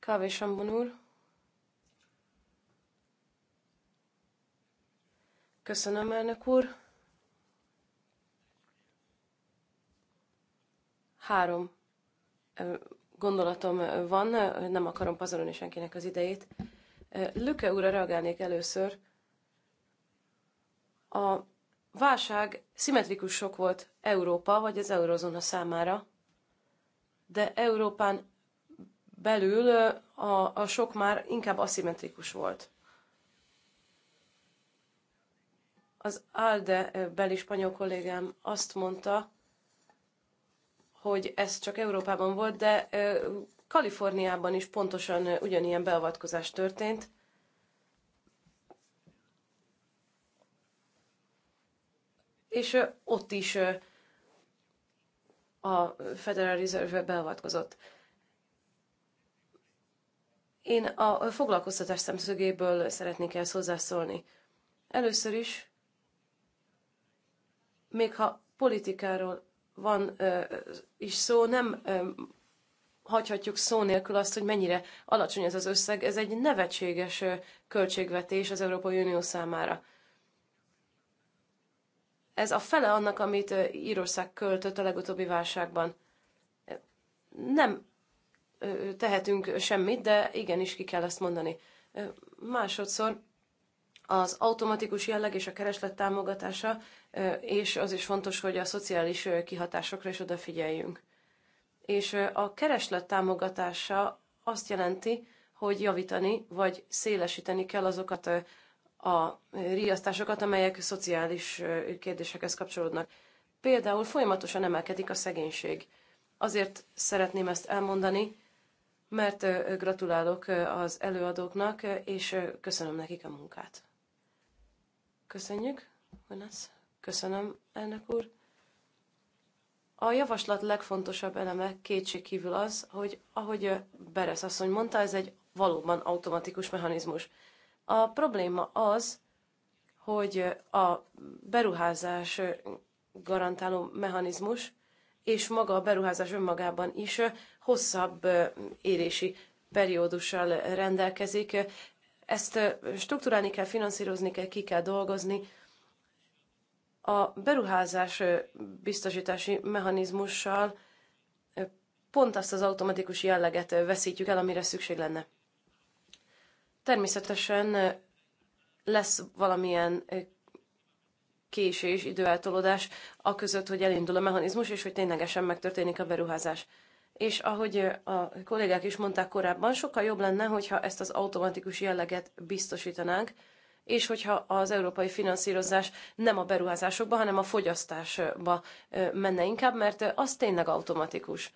Kávésambon úr. Köszönöm, elnök úr. Három gondolatom van, nem akarom pazarolni senkinek az idejét. Lüke úrra reagálnék először. A válság szimmetrikus sok volt Európa vagy az eurozóna számára, de Európán belül a, a sok már inkább aszimmetrikus volt. Az ALDE beli spanyol kollégám azt mondta, hogy ez csak Európában volt, de Kaliforniában is pontosan ugyanilyen beavatkozás történt. És ott is a Federal Reserve beavatkozott. Én a foglalkoztatás szemszögéből szeretnék ezt hozzászólni. Először is, még ha politikáról van is szó, nem hagyhatjuk szó nélkül azt, hogy mennyire alacsony ez az összeg. Ez egy nevetséges költségvetés az Európai Unió számára. Ez a fele annak, amit Írország költött a legutóbbi válságban. Nem tehetünk semmit, de igenis ki kell ezt mondani. Másodszor az automatikus jelleg és a kereslet támogatása, és az is fontos, hogy a szociális kihatásokra is odafigyeljünk. És a kereslet támogatása azt jelenti, hogy javítani vagy szélesíteni kell azokat a riasztásokat, amelyek szociális kérdésekhez kapcsolódnak. Például folyamatosan emelkedik a szegénység. Azért szeretném ezt elmondani, mert gratulálok az előadóknak, és köszönöm nekik a munkát. Köszönjük, Gonasz. Köszönöm, elnök úr. A javaslat legfontosabb eleme kívül az, hogy ahogy Beresz asszony mondta, ez egy valóban automatikus mechanizmus. A probléma az, hogy a beruházás garantáló mechanizmus és maga a beruházás önmagában is hosszabb érési periódussal rendelkezik, ezt strukturálni kell, finanszírozni kell, ki kell dolgozni. A beruházás biztosítási mechanizmussal pont azt az automatikus jelleget veszítjük el, amire szükség lenne. Természetesen lesz valamilyen késés, időeltolódás, a között, hogy elindul a mechanizmus, és hogy ténylegesen megtörténik a beruházás és ahogy a kollégák is mondták korábban, sokkal jobb lenne, hogyha ezt az automatikus jelleget biztosítanánk, és hogyha az európai finanszírozás nem a beruházásokba, hanem a fogyasztásba menne inkább, mert az tényleg automatikus.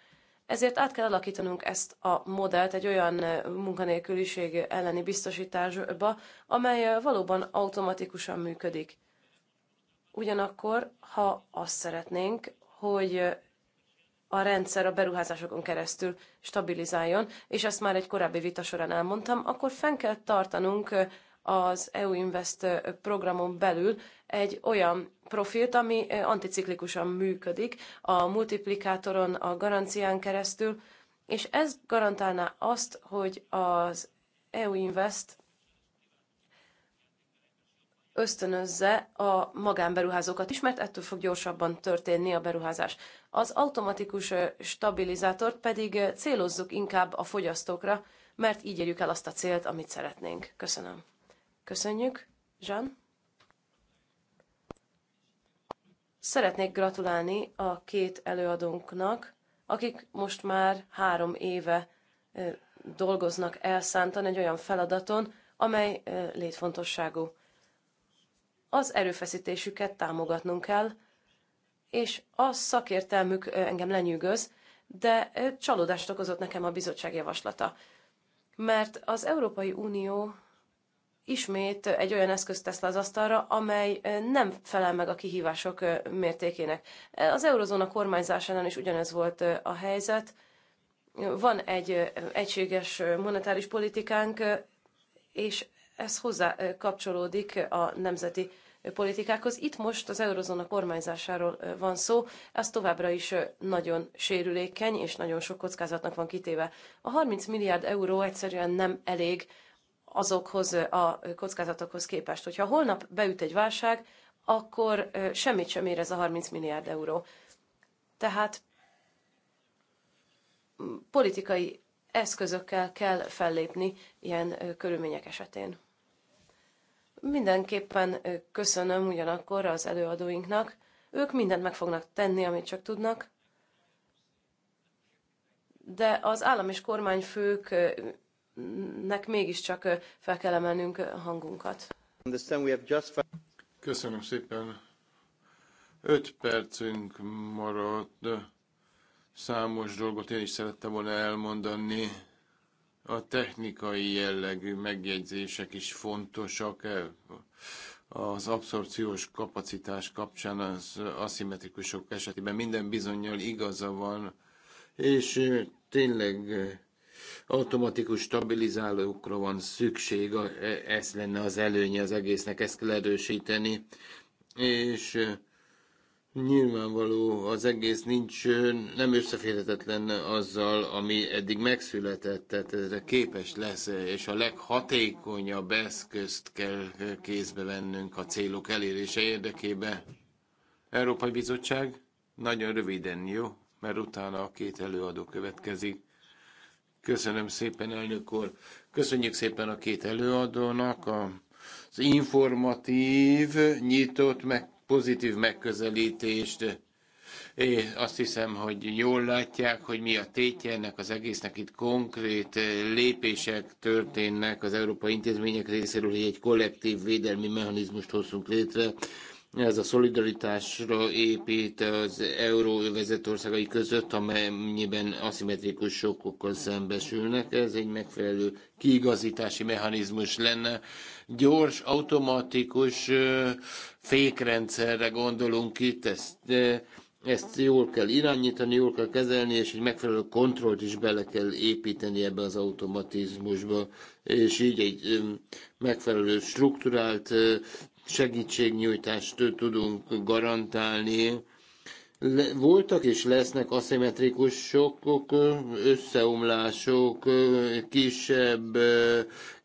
Ezért át kell alakítanunk ezt a modellt egy olyan munkanélküliség elleni biztosításba, amely valóban automatikusan működik. Ugyanakkor, ha azt szeretnénk, hogy a rendszer a beruházásokon keresztül stabilizáljon, és ezt már egy korábbi vita során elmondtam, akkor fenn kell tartanunk az EU Invest programon belül egy olyan profilt, ami anticiklikusan működik, a multiplikátoron, a garancián keresztül, és ez garantálná azt, hogy az EU Invest ösztönözze a magánberuházókat is, mert ettől fog gyorsabban történni a beruházás. Az automatikus stabilizátort pedig célozzuk inkább a fogyasztókra, mert így érjük el azt a célt, amit szeretnénk. Köszönöm. Köszönjük. Jean? Szeretnék gratulálni a két előadónknak, akik most már három éve dolgoznak elszántan egy olyan feladaton, amely létfontosságú az erőfeszítésüket támogatnunk kell, és a szakértelmük engem lenyűgöz, de csalódást okozott nekem a bizottság javaslata. Mert az Európai Unió ismét egy olyan eszközt tesz le az asztalra, amely nem felel meg a kihívások mértékének. E, az eurozóna kormányzásánál is ugyanez volt a helyzet. Van egy egységes monetáris politikánk, és ez hozzá kapcsolódik a nemzeti politikákhoz. Itt most az eurozóna kormányzásáról van szó, ez továbbra is nagyon sérülékeny, és nagyon sok kockázatnak van kitéve. A 30 milliárd euró egyszerűen nem elég azokhoz a kockázatokhoz képest. Hogyha holnap beüt egy válság, akkor semmit sem ér ez a 30 milliárd euró. Tehát politikai eszközökkel kell fellépni ilyen körülmények esetén. Mindenképpen köszönöm ugyanakkor az előadóinknak. Ők mindent meg fognak tenni, amit csak tudnak. De az állam és kormányfőknek mégiscsak fel kell emelnünk hangunkat. Köszönöm szépen. Öt percünk maradt Számos dolgot én is szerettem volna elmondani. A technikai jellegű megjegyzések is fontosak. Az abszorpciós kapacitás kapcsán az aszimmetrikusok esetében minden bizonyal igaza van, és tényleg automatikus stabilizálókra van szükség, ez lenne az előnye az egésznek, ezt kell erősíteni, és Nyilvánvaló, az egész nincs, nem összeférhetetlen azzal, ami eddig megszületett, tehát ezre képes lesz, és a leghatékonyabb eszközt kell kézbe vennünk a célok elérése érdekében. Európai Bizottság, nagyon röviden, jó? Mert utána a két előadó következik. Köszönöm szépen, elnök úr. Köszönjük szépen a két előadónak a az informatív, nyitott, meg pozitív megközelítést. Én azt hiszem, hogy jól látják, hogy mi a tétje ennek az egésznek. Itt konkrét lépések történnek az európai intézmények részéről, hogy egy kollektív védelmi mechanizmust hozzunk létre ez a szolidaritásra épít az euróövezet országai között, amennyiben aszimmetrikus sokokkal szembesülnek. Ez egy megfelelő kiigazítási mechanizmus lenne. Gyors, automatikus fékrendszerre gondolunk itt, ezt, ezt jól kell irányítani, jól kell kezelni, és egy megfelelő kontrollt is bele kell építeni ebbe az automatizmusba, és így egy megfelelő struktúrált segítségnyújtást tudunk garantálni. Voltak és lesznek aszimmetrikus sokkok, összeomlások, kisebb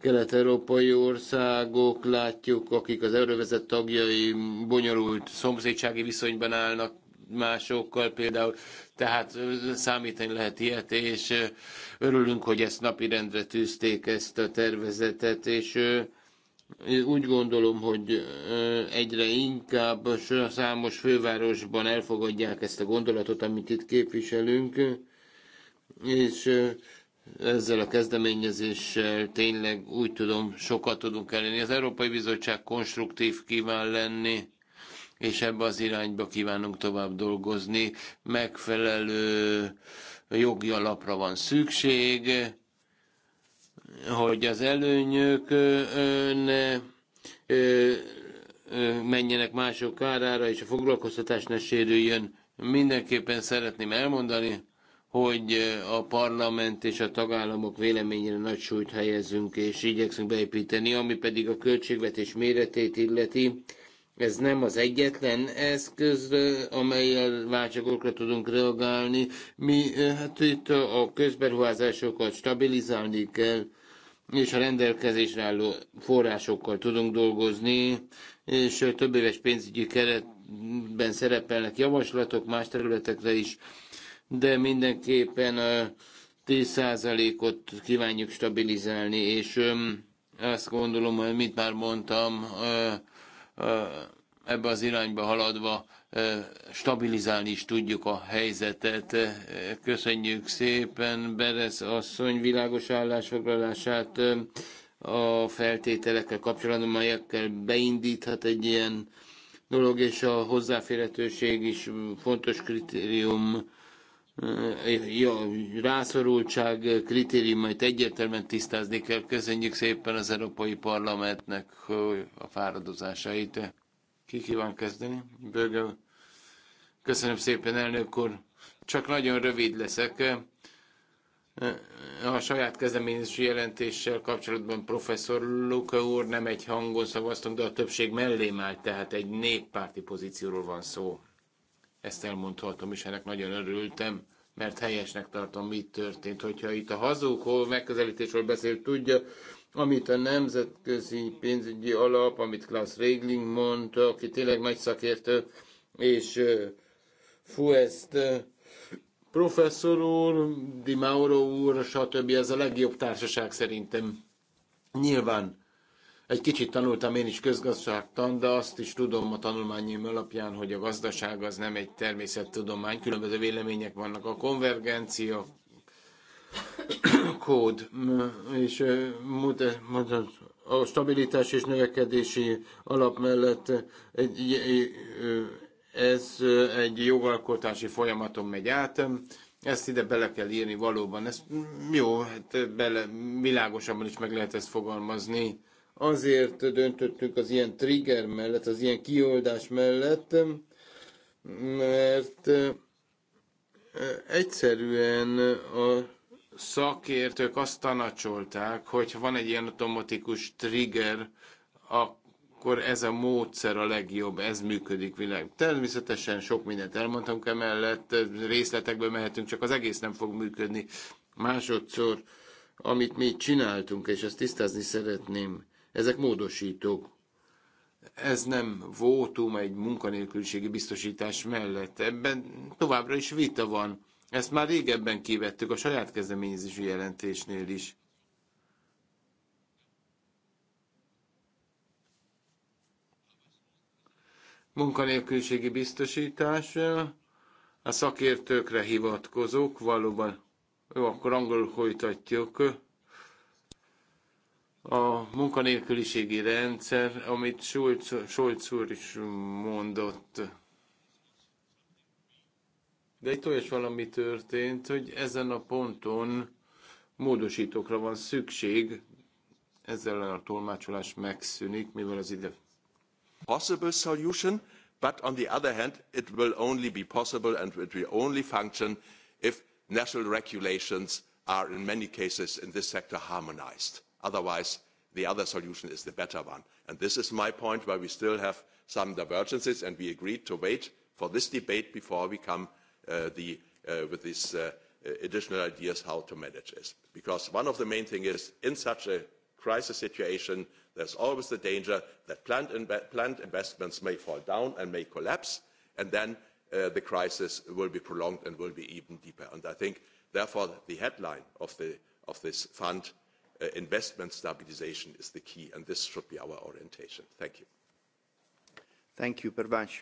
kelet-európai országok, látjuk, akik az euróvezet tagjai bonyolult szomszédsági viszonyban állnak másokkal például, tehát számítani lehet ilyet, és örülünk, hogy ezt napirendre tűzték ezt a tervezetet, és úgy gondolom, hogy egyre inkább számos fővárosban elfogadják ezt a gondolatot, amit itt képviselünk, és ezzel a kezdeményezéssel tényleg úgy tudom, sokat tudunk elérni. Az Európai Bizottság konstruktív kíván lenni, és ebbe az irányba kívánunk tovább dolgozni. Megfelelő jogi alapra van szükség, hogy az előnyök ne menjenek mások kárára, és a foglalkoztatás ne sérüljön. Mindenképpen szeretném elmondani, hogy a parlament és a tagállamok véleményére nagy súlyt helyezünk, és igyekszünk beépíteni, ami pedig a költségvetés méretét illeti. Ez nem az egyetlen eszköz, amelyel válságokra tudunk reagálni. Mi hát itt a közberuházásokat stabilizálni kell, és a rendelkezésre álló forrásokkal tudunk dolgozni, és több éves pénzügyi keretben szerepelnek javaslatok más területekre is, de mindenképpen 10%-ot kívánjuk stabilizálni, és azt gondolom, hogy mit már mondtam, ebbe az irányba haladva stabilizálni is tudjuk a helyzetet. Köszönjük szépen Beresz asszony világos állásfoglalását a feltételekkel kapcsolatban, amelyekkel beindíthat egy ilyen dolog, és a hozzáférhetőség is fontos kritérium, ja, rászorultság kritériumait egyértelműen tisztázni kell. Köszönjük szépen az Európai Parlamentnek a fáradozásait. Ki kíván kezdeni? Bögel, Köszönöm szépen, elnök úr. Csak nagyon rövid leszek. A saját kezdeményezési jelentéssel kapcsolatban professzor Luka úr nem egy hangon szavaztunk, de a többség mellé állt, tehát egy néppárti pozícióról van szó. Ezt elmondhatom, és ennek nagyon örültem, mert helyesnek tartom, mi történt. Hogyha itt a hazugó megközelítésről beszélt tudja, amit a nemzetközi pénzügyi alap, amit Klaus Regling mondta, aki tényleg nagy szakértő, és Fuest professzor úr, Di Mauro úr, stb. Ez a legjobb társaság szerintem. Nyilván egy kicsit tanultam én is közgazdaságtan, de azt is tudom a tanulmányaim alapján, hogy a gazdaság az nem egy természettudomány, különböző vélemények vannak. A konvergencia kód, és a stabilitás és növekedési alap mellett egy, ez egy jogalkotási folyamaton megy át, ezt ide bele kell írni valóban, ez jó, hát bele, világosabban is meg lehet ezt fogalmazni. Azért döntöttünk az ilyen trigger mellett, az ilyen kioldás mellett, mert egyszerűen a szakértők azt tanácsolták, hogy ha van egy ilyen automatikus trigger, akkor ez a módszer a legjobb, ez működik világ. Természetesen sok mindent elmondtam emellett, részletekbe mehetünk, csak az egész nem fog működni. Másodszor, amit mi csináltunk, és ezt tisztázni szeretném, ezek módosítók. Ez nem vótum egy munkanélküliségi biztosítás mellett. Ebben továbbra is vita van ezt már régebben kivettük a saját kezdeményezési jelentésnél is. Munkanélküliségi biztosítás, a szakértőkre hivatkozók, valóban, jó, akkor angolul folytatjuk. A munkanélküliségi rendszer, amit Solc úr is mondott, de itt olyas valami történt, hogy ezen a ponton módosítókra van szükség, ezzel a tolmácsolás megszűnik, mivel az ide... Possible solution, but on the other hand, it will only be possible and it will only function if national regulations are in many cases in this sector harmonized. Otherwise, the other solution is the better one. And this is my point where we still have some divergences and we agreed to wait for this debate before we come Uh, the, uh, with these uh, additional ideas how to manage this. Because one of the main things is in such a crisis situation, there's always the danger that planned, imbe- planned investments may fall down and may collapse, and then uh, the crisis will be prolonged and will be even deeper. And I think, therefore, the headline of, the, of this fund, uh, investment stabilization, is the key, and this should be our orientation. Thank you. Thank you, Pervanch.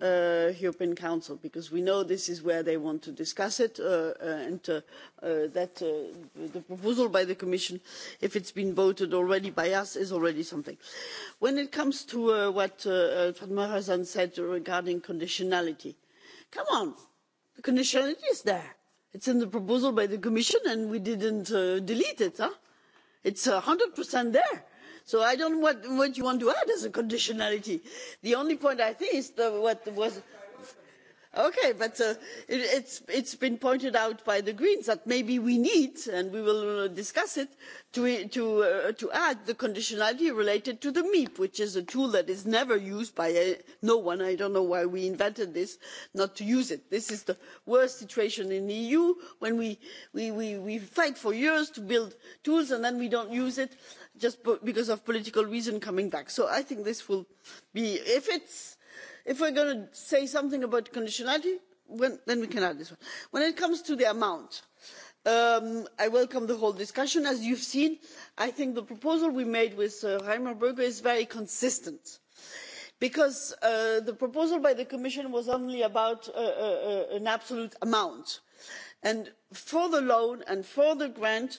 uh, European Council because we know this is where they want to discuss it uh, uh and uh, uh that uh, the proposal by the Commission, if it's been voted already by us, is already something. When it comes to what uh, Fatma said regarding conditionality, come on, the conditionality is there. It's in the proposal by the Commission and we didn't delete it. Huh? It's 100% there so i don't know what, you want to add as a conditionality. the only point i think is the, what was okay but uh, it's, been pointed out by the greens that maybe we need and we will uh, discuss it uh, to, add the conditionality related to the meep which is a tool that is never used by a, no one i don't know why we invented this not to use it. this is the worst situation in the eu when we, fight for years to build tools and then we don't use them just because of political reasons coming back. so i think this will be if it's if we're going to say something about conditionality then we can add this one. when it comes to the amount um, i welcome the whole discussion. as you've seen i think the proposal we made with uh, reimer bge is very consistent because uh, the proposal by the commission was only about uh, an absolute amount and for the loan and for the grant